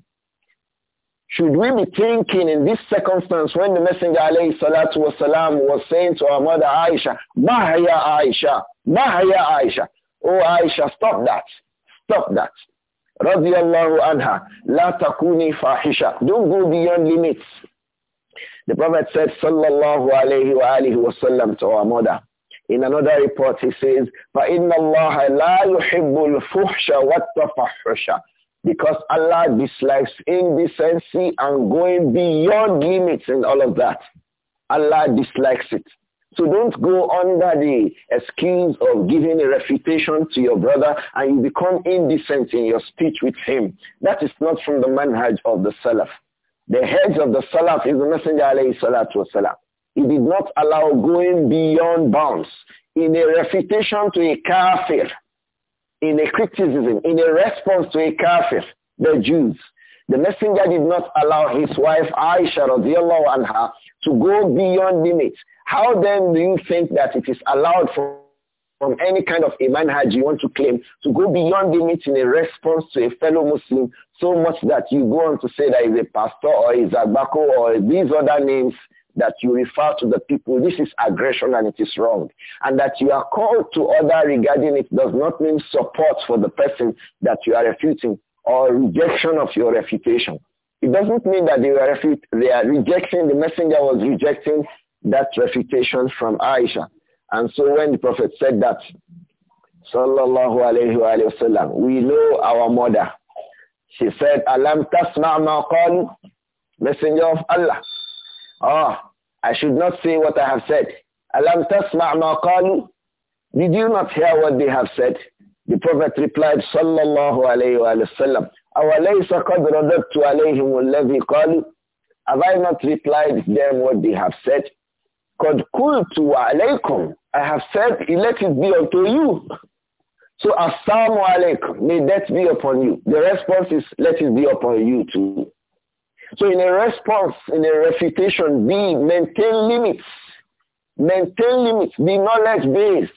Should we be thinking in this circumstance when the Messenger alayhi salatu wasalam was saying to our mother Aisha, Mahaya Aisha, Mahaya Aisha, oh Aisha, stop that. Stop that. Radiallahu anha, la takuni fahisha. Don't go beyond limits. The Prophet said, sallallahu alayhi wa alihi wa sallam to our mother. In another report, he says, فَإِنَّ اللَّهَ لَا يُحِبُّ الْفُحْشَ وَالتَّفَحُّشَ Because Allah dislikes indecency and going beyond limits and all of that. Allah dislikes it. So don't go under the excuse of giving a refutation to your brother and you become indecent in your speech with him. That is not from the manhaj of the Salaf. The head of the Salaf is the Messenger alayhi salatu wasalam. He did not allow going beyond bounds in a refutation to a kafir, in a criticism, in a response to a kafir, the Jews. The messenger did not allow his wife Aisha radiallahu anha to go beyond limits. How then do you think that it is allowed for from any kind of a manhaj you want to claim to go beyond limits in a response to a fellow Muslim so much that you go on to say that is a pastor or is a bako or these other names that you refer to the people. This is aggression and it is wrong. And that you are called to order regarding it does not mean support for the person that you are refuting or rejection of your refutation. It doesn't mean that they, were refute, they are rejecting, the messenger was rejecting that refutation from Aisha. And so when the Prophet said that, sallallahu alayhi Wasallam, we know our mother. She said, alam tasma' ma qalu, messenger of Allah. Ah, oh, I should not say what I have said. Alam tasma' ma qalu, did you not hear what they have said? The Prophet replied, Sallallahu alayhi Wasallam, sallam, أَوَلَيْسَ قَدْ رَدَبْتُ Have I not replied them what they have said? قَدْ قُلْتُ عَلَيْكُمْ I have said, let it be unto you. So, Assalamu alaykum, may that be upon you. The response is, let it be upon you too. So in a response, in a refutation, be maintain limits. Maintain limits. Be knowledge based.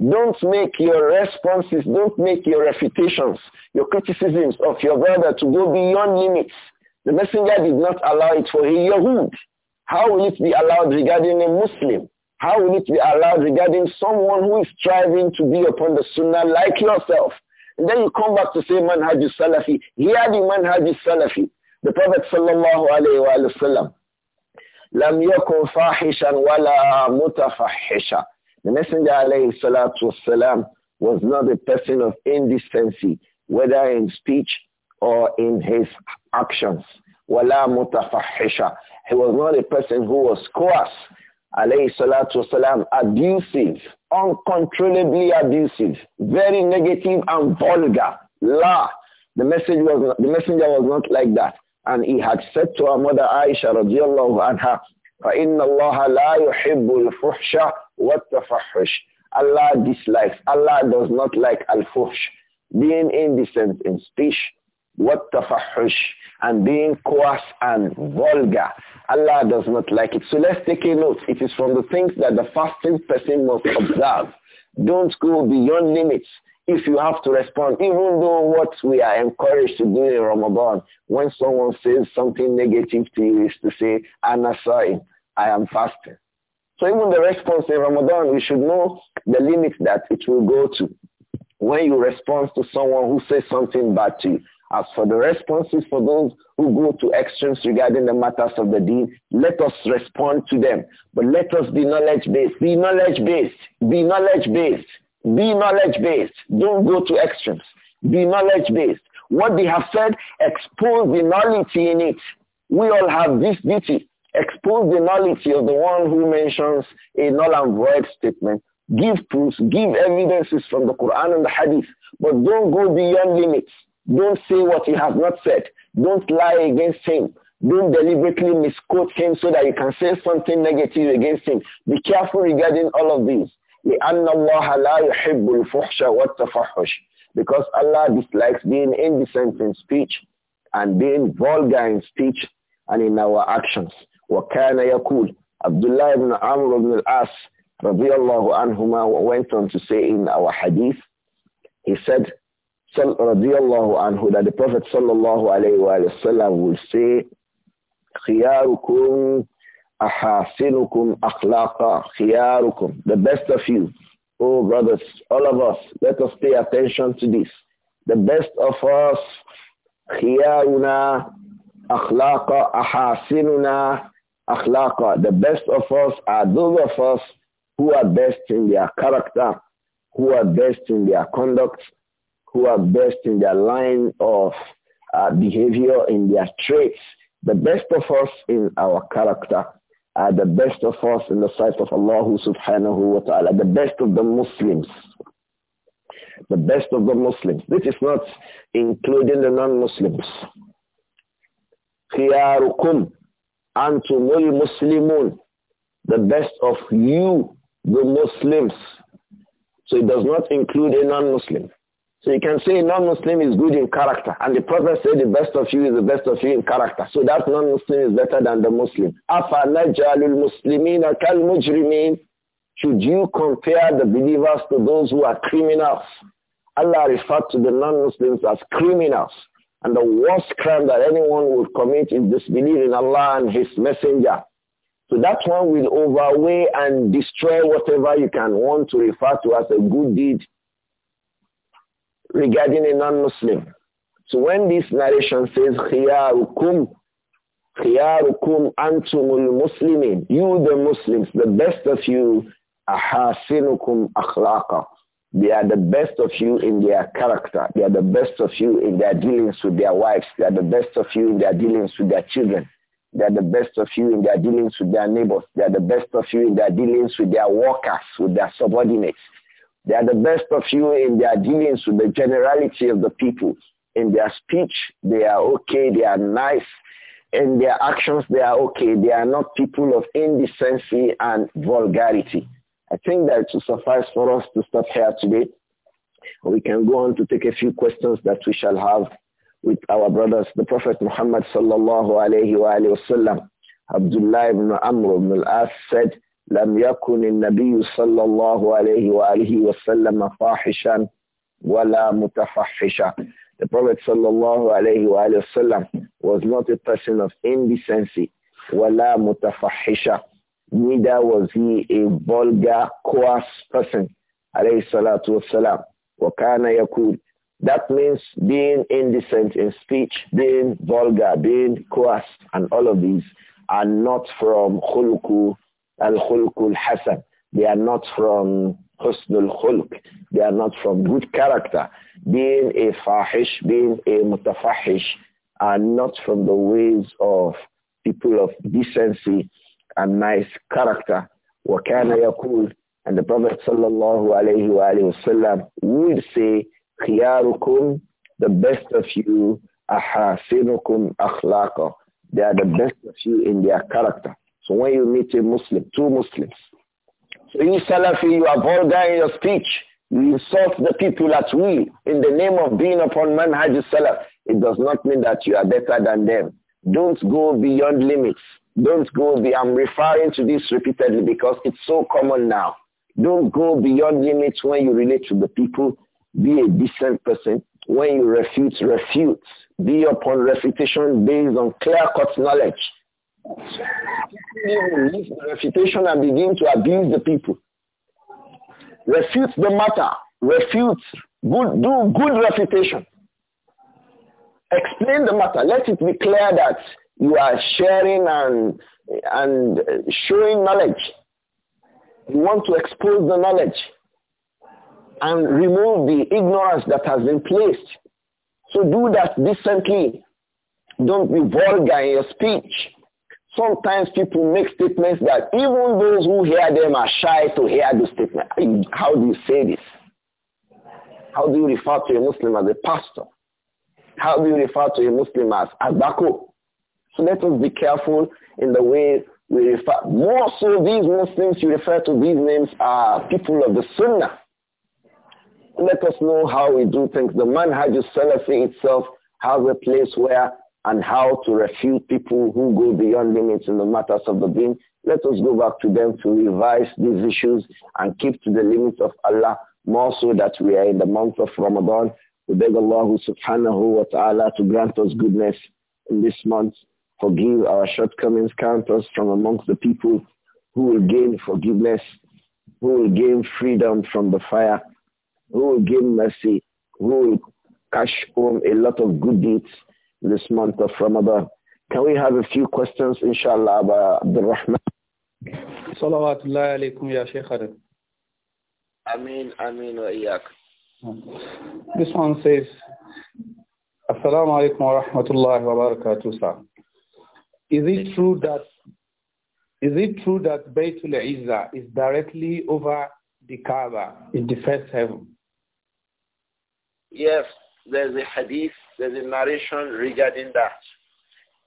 Don't make your responses, don't make your refutations, your criticisms of your brother to go beyond limits. The messenger did not allow it for a Yahud. How will it be allowed regarding a Muslim? How will it be allowed regarding someone who is striving to be upon the Sunnah like yourself? And then you come back to say Manhaj Salafi. Here the Manhaj Salafi. The Prophet sallallahu alayhi wa sallam. لم يكن فاحشا ولا متفحشا the Messenger alayhi salatu wasalam was not a person of indecency, whether in speech or in his actions. Wala mutafahisha. He was not a person who was coarse, alayhi salatu wasalam, abusive, uncontrollably abusive, very negative and vulgar. La. The, message was not, the messenger was not like that. And he had said to our mother Aisha radiallahu anha, فَإِنَّ اللَّهَ لَا يُحِبُّ الْفُحْشَ what tafahush? Allah dislikes, Allah does not like al-fuhsh, being indecent in speech, what tafahush, and being coarse and vulgar. Allah does not like it. So let's take a note. It is from the things that the fasting person must observe. Don't go beyond limits if you have to respond, even though what we are encouraged to do in Ramadan, when someone says something negative to you is to say, Anasai, I am fasting. So even the response in Ramadan, we should know the limits that it will go to. When you respond to someone who says something bad to you, as for the responses for those who go to extremes regarding the matters of the deen, let us respond to them. But let us be knowledge-based. Be knowledge-based. Be knowledge-based. Be knowledge-based. Don't go to extremes. Be knowledge-based. What they have said, expose the knowledge in it. We all have this duty expose the nullity of the one who mentions a null and void statement. Give proofs, give evidences from the Quran and the Hadith, but don't go beyond limits. Don't say what you have not said. Don't lie against him. Don't deliberately misquote him so that you can say something negative against him. Be careful regarding all of these. Because Allah dislikes being indecent in speech and being vulgar in speech and in our actions. وَكَانَ يَقُولُ عبد الله بن عمرو بن العاص رضي الله عنهما went on to say in our hadith, he said رضي الله عنه that the Prophet صلى الله عليه وسلم will say, خِيَارُكُمْ أَحَاسِنُكُمْ أَخْلَاقًا خِيَارُكُمْ The best of you, oh brothers, all of us, let us pay attention to this. The best of us, خِيَارُنَا أَخْلَاقًا أَحَاسِنُنَا akhlaqa. The best of us are those of us who are best in their character, who are best in their conduct, who are best in their line of uh, behavior, in their traits. The best of us in our character are the best of us in the sight of Allah subhanahu wa ta'ala, the best of the Muslims. The best of the Muslims. This is not including the non-Muslims. Antumul Muslimun, the best of you, the Muslims. So it does not include a non-Muslim. So you can say a non-Muslim is good in character. And the Prophet said the best of you is the best of you in character. So that non-Muslim is better than the Muslim. al-Muslimin al كَالْمُجْرِمِينَ Should you compare the believers to those who are criminals? Allah referred to the non-Muslims as criminals. And the worst crime that anyone would commit is disbelief in Allah and his messenger. So that one will overweigh and destroy whatever you can want to refer to as a good deed regarding a non-Muslim. So when this narration says, خِيَارُكُمْ خِيَارُكُمْ أَنْتُمُ الْمُسْلِمِينَ You the Muslims, the best of you, أَحَاسِنُكُمْ أَخْلَاقًا they are the best of you in their character. They are the best of you in their dealings with their wives. They are the best of you in their dealings with their children. They are the best of you in their dealings with their neighbors. They are the best of you in their dealings with their workers, with their subordinates. They are the best of you in their dealings with the generality of the people. In their speech, they are okay. They are nice. In their actions, they are okay. They are not people of indecency and vulgarity. I think that to suffice for us to stop here today. We can go on to take a few questions that we shall have with our brothers, the Prophet Muhammad sallallahu alayhi wa sallam. Abdullah ibn Amr ibn al-As said, لم يكن النبي صلى الله عليه وآله وسلم فاحشا ولا متفحشا. The Prophet صلى الله عليه وآله وسلم was not a person of indecency, ولا متفحشا, neither was he a vulgar, coarse person, salatu wasalam. Wakana That means being indecent in speech, being vulgar, being coarse, and all of these are not from khulku al-khulku hasan They are not from husnul khulq. They are not from good character. Being a fahish, being a mutafahish are not from the ways of people of decency a nice character. وَكَانَ يَقُولُ And the Prophet sallallahu alayhi wa sallam would say, خِيَارُكُمْ The best of you, أَحَاسِنُكُمْ أَخْلَاقًا They are the best of you in their character. So when you meet a Muslim, two Muslims, so you Salafi, you are vulgar in your speech. You insult the people at will in the name of being upon manhaj salaf. It does not mean that you are better than them. Don't go beyond limits. Don't go be, I'm referring to this repeatedly because it's so common now. Don't go beyond limits when you relate to the people. Be a decent person. When you refute, refute. Be upon refutation based on clear-cut knowledge. Leave the refutation and begin to abuse the people. Refute the matter. Refute. Good, do good refutation. Explain the matter. Let it be clear that you are sharing and, and showing knowledge. You want to expose the knowledge and remove the ignorance that has been placed. So do that decently. Don't be vulgar in your speech. Sometimes people make statements that even those who hear them are shy to hear the statement. How do you say this? How do you refer to a Muslim as a pastor? How do you refer to a Muslim as Abako? So let us be careful in the way we refer. More so, these Muslims you refer to these names are people of the Sunnah. Let us know how we do things. The Manhaj Salafi itself has a place where and how to refute people who go beyond limits in the matters of the deen. Let us go back to them to revise these issues and keep to the limits of Allah, more so that we are in the month of Ramadan. We beg Allah subhanahu wa ta'ala to grant us goodness in this month forgive our shortcomings, count us from amongst the people who will gain forgiveness, who will gain freedom from the fire, who will gain mercy, who will cash home a lot of good deeds this month of Ramadan. Can we have a few questions, inshallah, about Abdul Rahman? Salaam alaykum ya Shaykhana. Ameen, ameen wa iyak. This one says, Assalamu alaikum wa rahmatullahi wa barakatuh, is it true that is it true that Baitul Izzah is directly over the Kaaba in the first heaven? Yes, there's a hadith, there's a narration regarding that.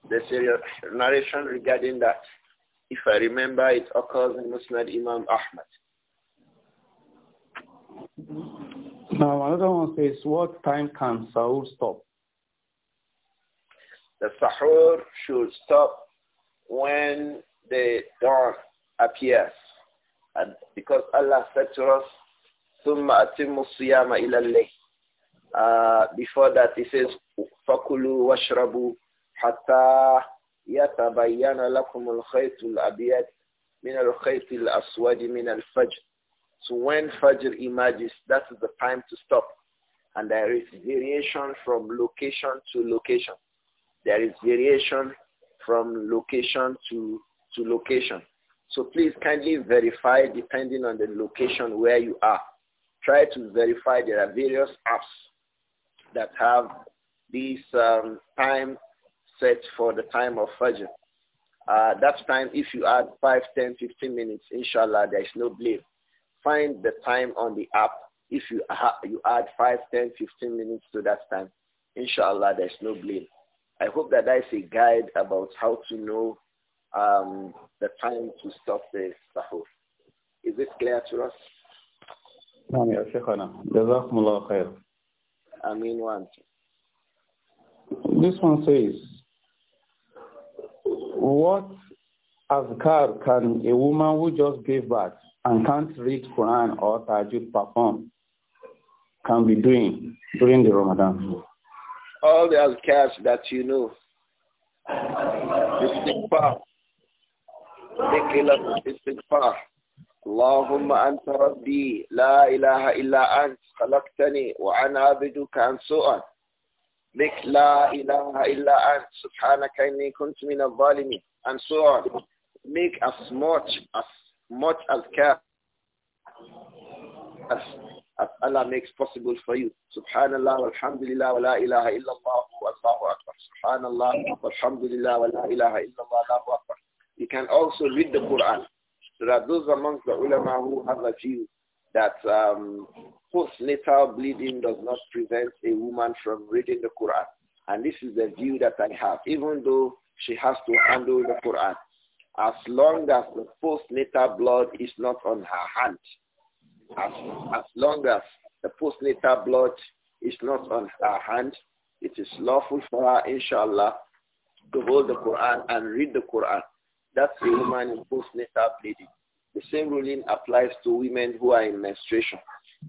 There's a narration regarding that. If I remember, it occurs in Musnad Imam Ahmad. Now another one says, what time can Saul stop? The sahur should stop when the dawn appears. And because Allah said to us, ثُمَّ أَتِمُّ الصِّيَامَ إِلَى اللَّيْلِ uh, before that He says fakulu washrabu حَتَّى يَتَبَيَّنَ لَكُمُ الْخِيَطُ khayt مِنَ الْخِيَطِ min مِنَ الْفَجْرِ. aswad so when fajr emerges that is the time to stop and there is variation from location to location there is variation from location to, to location. So please kindly verify depending on the location where you are. Try to verify there are various apps that have this um, time set for the time of Fajr. Uh, that time, if you add 5, 10, 15 minutes, inshallah, there is no blame. Find the time on the app. If you, you add 5, 10, 15 minutes to that time, inshallah, there is no blame. I hope that that is a guide about how to know um, the time to stop the sahur. Is it clear to us? نعم يا شيخنا جزاكم This one says, what azkar can a woman who just gave birth and can't read Quran or Tajud perform can be doing during the Ramadan? all the azkars that you know. Make اللهم أنت ربي لا إله إلا أنت خلقتني وأنا عبدك عن سوء بك لا إله إلا أنت سبحانك إني كنت من الظالمين and so on make as much as much as care as as Allah makes possible for you. Subhanallah, alhamdulillah, wa la ilaha illallah, wallahu akbar. Subhanallah, alhamdulillah, wa la ilaha illallah, allahu akbar. You can also read the Quran. There are those amongst the ulama who have a view that um, postnatal bleeding does not prevent a woman from reading the Quran. And this is the view that I have, even though she has to handle the Quran. As long as the postnatal blood is not on her hand, as, as long as the postnatal blood is not on her hand, it is lawful for her, inshallah, to hold the Quran and read the Quran. That's a woman in postnatal bleeding. The same ruling applies to women who are in menstruation.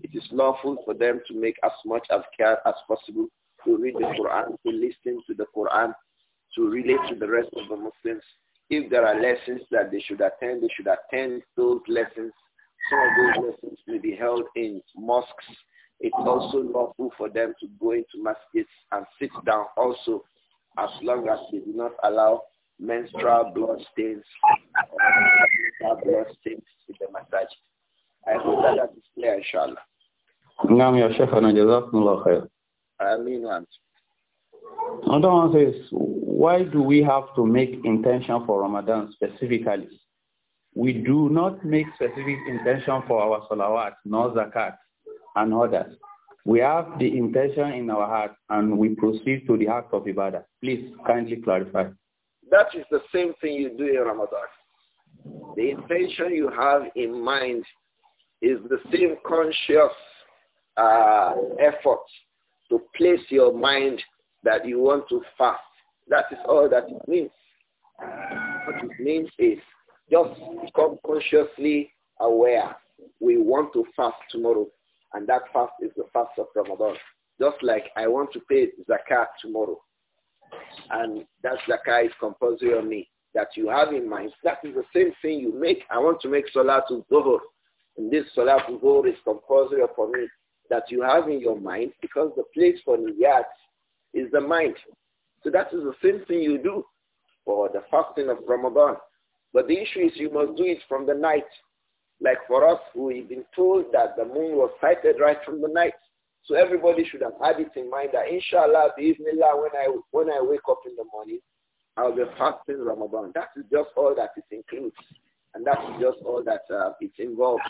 It is lawful for them to make as much of care as possible to read the Quran, to listen to the Quran, to relate to the rest of the Muslims. If there are lessons that they should attend, they should attend those lessons some of those lessons may be held in mosques. It's also lawful for them to go into masjids and sit down also as long as they do not allow menstrual blood stains or blood stains in the masjid. I hope that that is clear, inshallah. نعم يا شيخنا جزاكم الله خير. آمين Another one says, why do we have to make intention for Ramadan specifically? We do not make specific intention for our salawat, nor zakat, and others. We have the intention in our heart and we proceed to the act of ibadah. Please kindly clarify. That is the same thing you do in Ramadan. The intention you have in mind is the same conscious uh, effort to place your mind that you want to fast. That is all that it means. What it means is just become consciously aware. We want to fast tomorrow, and that fast is the fast of Ramadan. Just like I want to pay zakat tomorrow, and that zakat is compulsory on me that you have in mind. That is the same thing you make. I want to make Salatul Dhuhr. And this Salatul Dhuhr is compulsory for me that you have in your mind because the place for Niyat is the mind. So that is the same thing you do for the fasting of Ramadan. But the issue is you must do it from the night. Like for us, we've been told that the moon was sighted right from the night. So everybody should have had it in mind that inshallah, bismillah, when I, when I wake up in the morning, I'll be fasting Ramadan. That is just all that it includes. And that is just all that uh, it involves.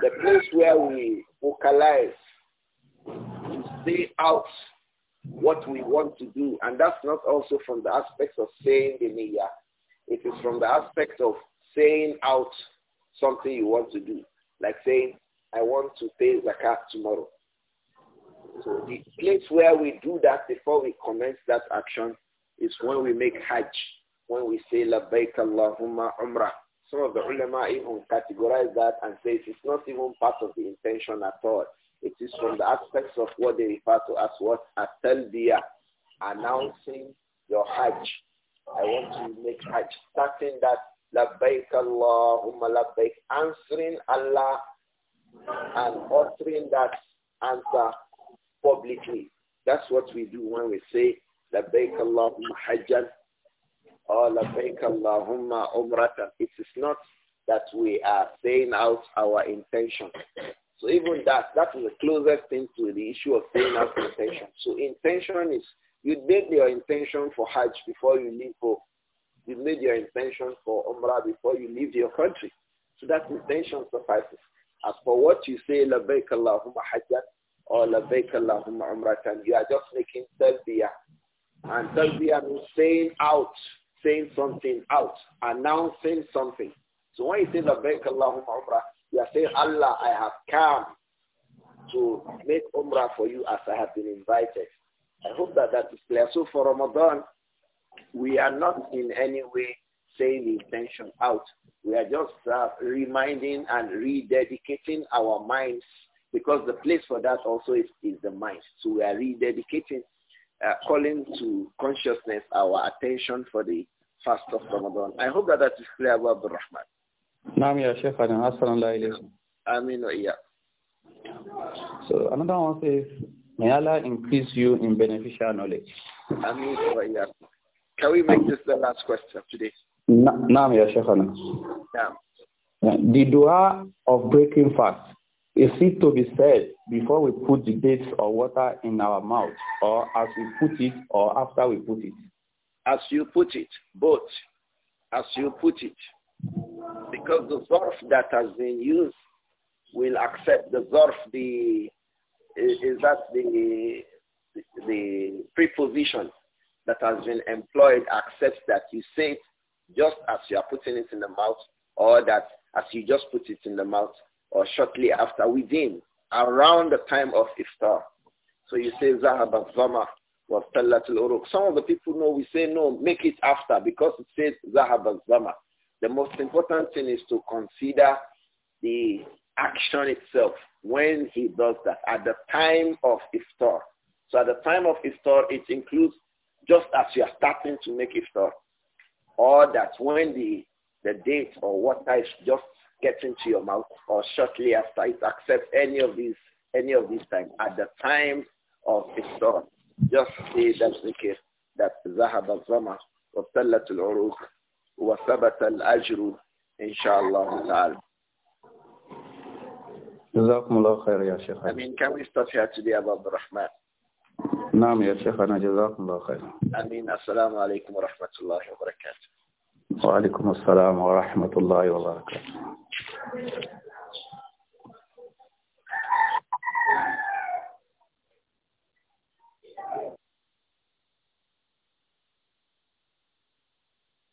The place where we vocalize, we say out what we want to do. And that's not also from the aspects of saying the niyyah. It is from the aspect of saying out something you want to do, like saying, I want to pay zakat tomorrow. So the place where we do that before we commence that action is when we make hajj, when we say labbaik Allahumma umrah. Some of the ulama even categorize that and say it's not even part of the intention at all. It is from the aspects of what they refer to as what? atalbiya, announcing your hajj, I want to make Hajj starting that Labbaik Allahumma Labbaik, answering Allah and uttering that answer publicly. That's what we do when we say Labbaik Allahumma Hajjan or Labbaik Allahumma Umratan. It is not that we are saying out our intention. So even that, that is the closest thing to the issue of saying out intention. So intention is you made your intention for Hajj before you leave home. You made your intention for Umrah before you leave your country. So that intention suffices. As for what you say, Labaik Allahumma Hajjat or Labaik Allahumma Umratan, you are just making talbiyah. And talbiyah means saying out, saying something out, announcing something. So when you say Labaik Allahumma Umrah, you are saying, Allah, I have come to make Umrah for you as I have been invited. I hope that that is clear. So for Ramadan, we are not in any way saying the intention out. We are just uh, reminding and rededicating our minds because the place for that also is, is the mind. So we are rededicating, uh, calling to consciousness our attention for the fast of Ramadan. I hope that that is clear, Abu Rahman. نعم يا شيخ أنا أحسن Amin إليكم. So another one says, May Allah increase you in beneficial knowledge. Can we make this the last question of today? Naam, Ya Shaykhana. The dua of breaking fast, is it to be said before we put the dates or water in our mouth, or as we put it, or after we put it? As you put it, both. As you put it. Because the zorf that has been used will accept the zorf, the is, that the, the, preposition that has been employed accepts that you say it just as you are putting it in the mouth or that as you just put it in the mouth or shortly after within around the time of iftar. So you say Zahaba Some of the people know we say no, make it after because it says Zahaba The most important thing is to consider the action itself when he does that at the time of iftar. So at the time of iftar, it includes just as you are starting to make iftar, or that when the, the date or water is just getting to your mouth, or shortly after it accepts any of these any of these times at the time of iftar. Just say that case. that zahab al-zama wa sallat al-uruq wa sabat al-ajru inshallah ta'ala. جزاكم الله خير يا شيخ أمين كم استطعت يا أبا عبد الرحمن نعم يا شيخنا جزاكم الله خير أمين السلام عليكم ورحمة الله وبركاته وعليكم السلام ورحمة الله وبركاته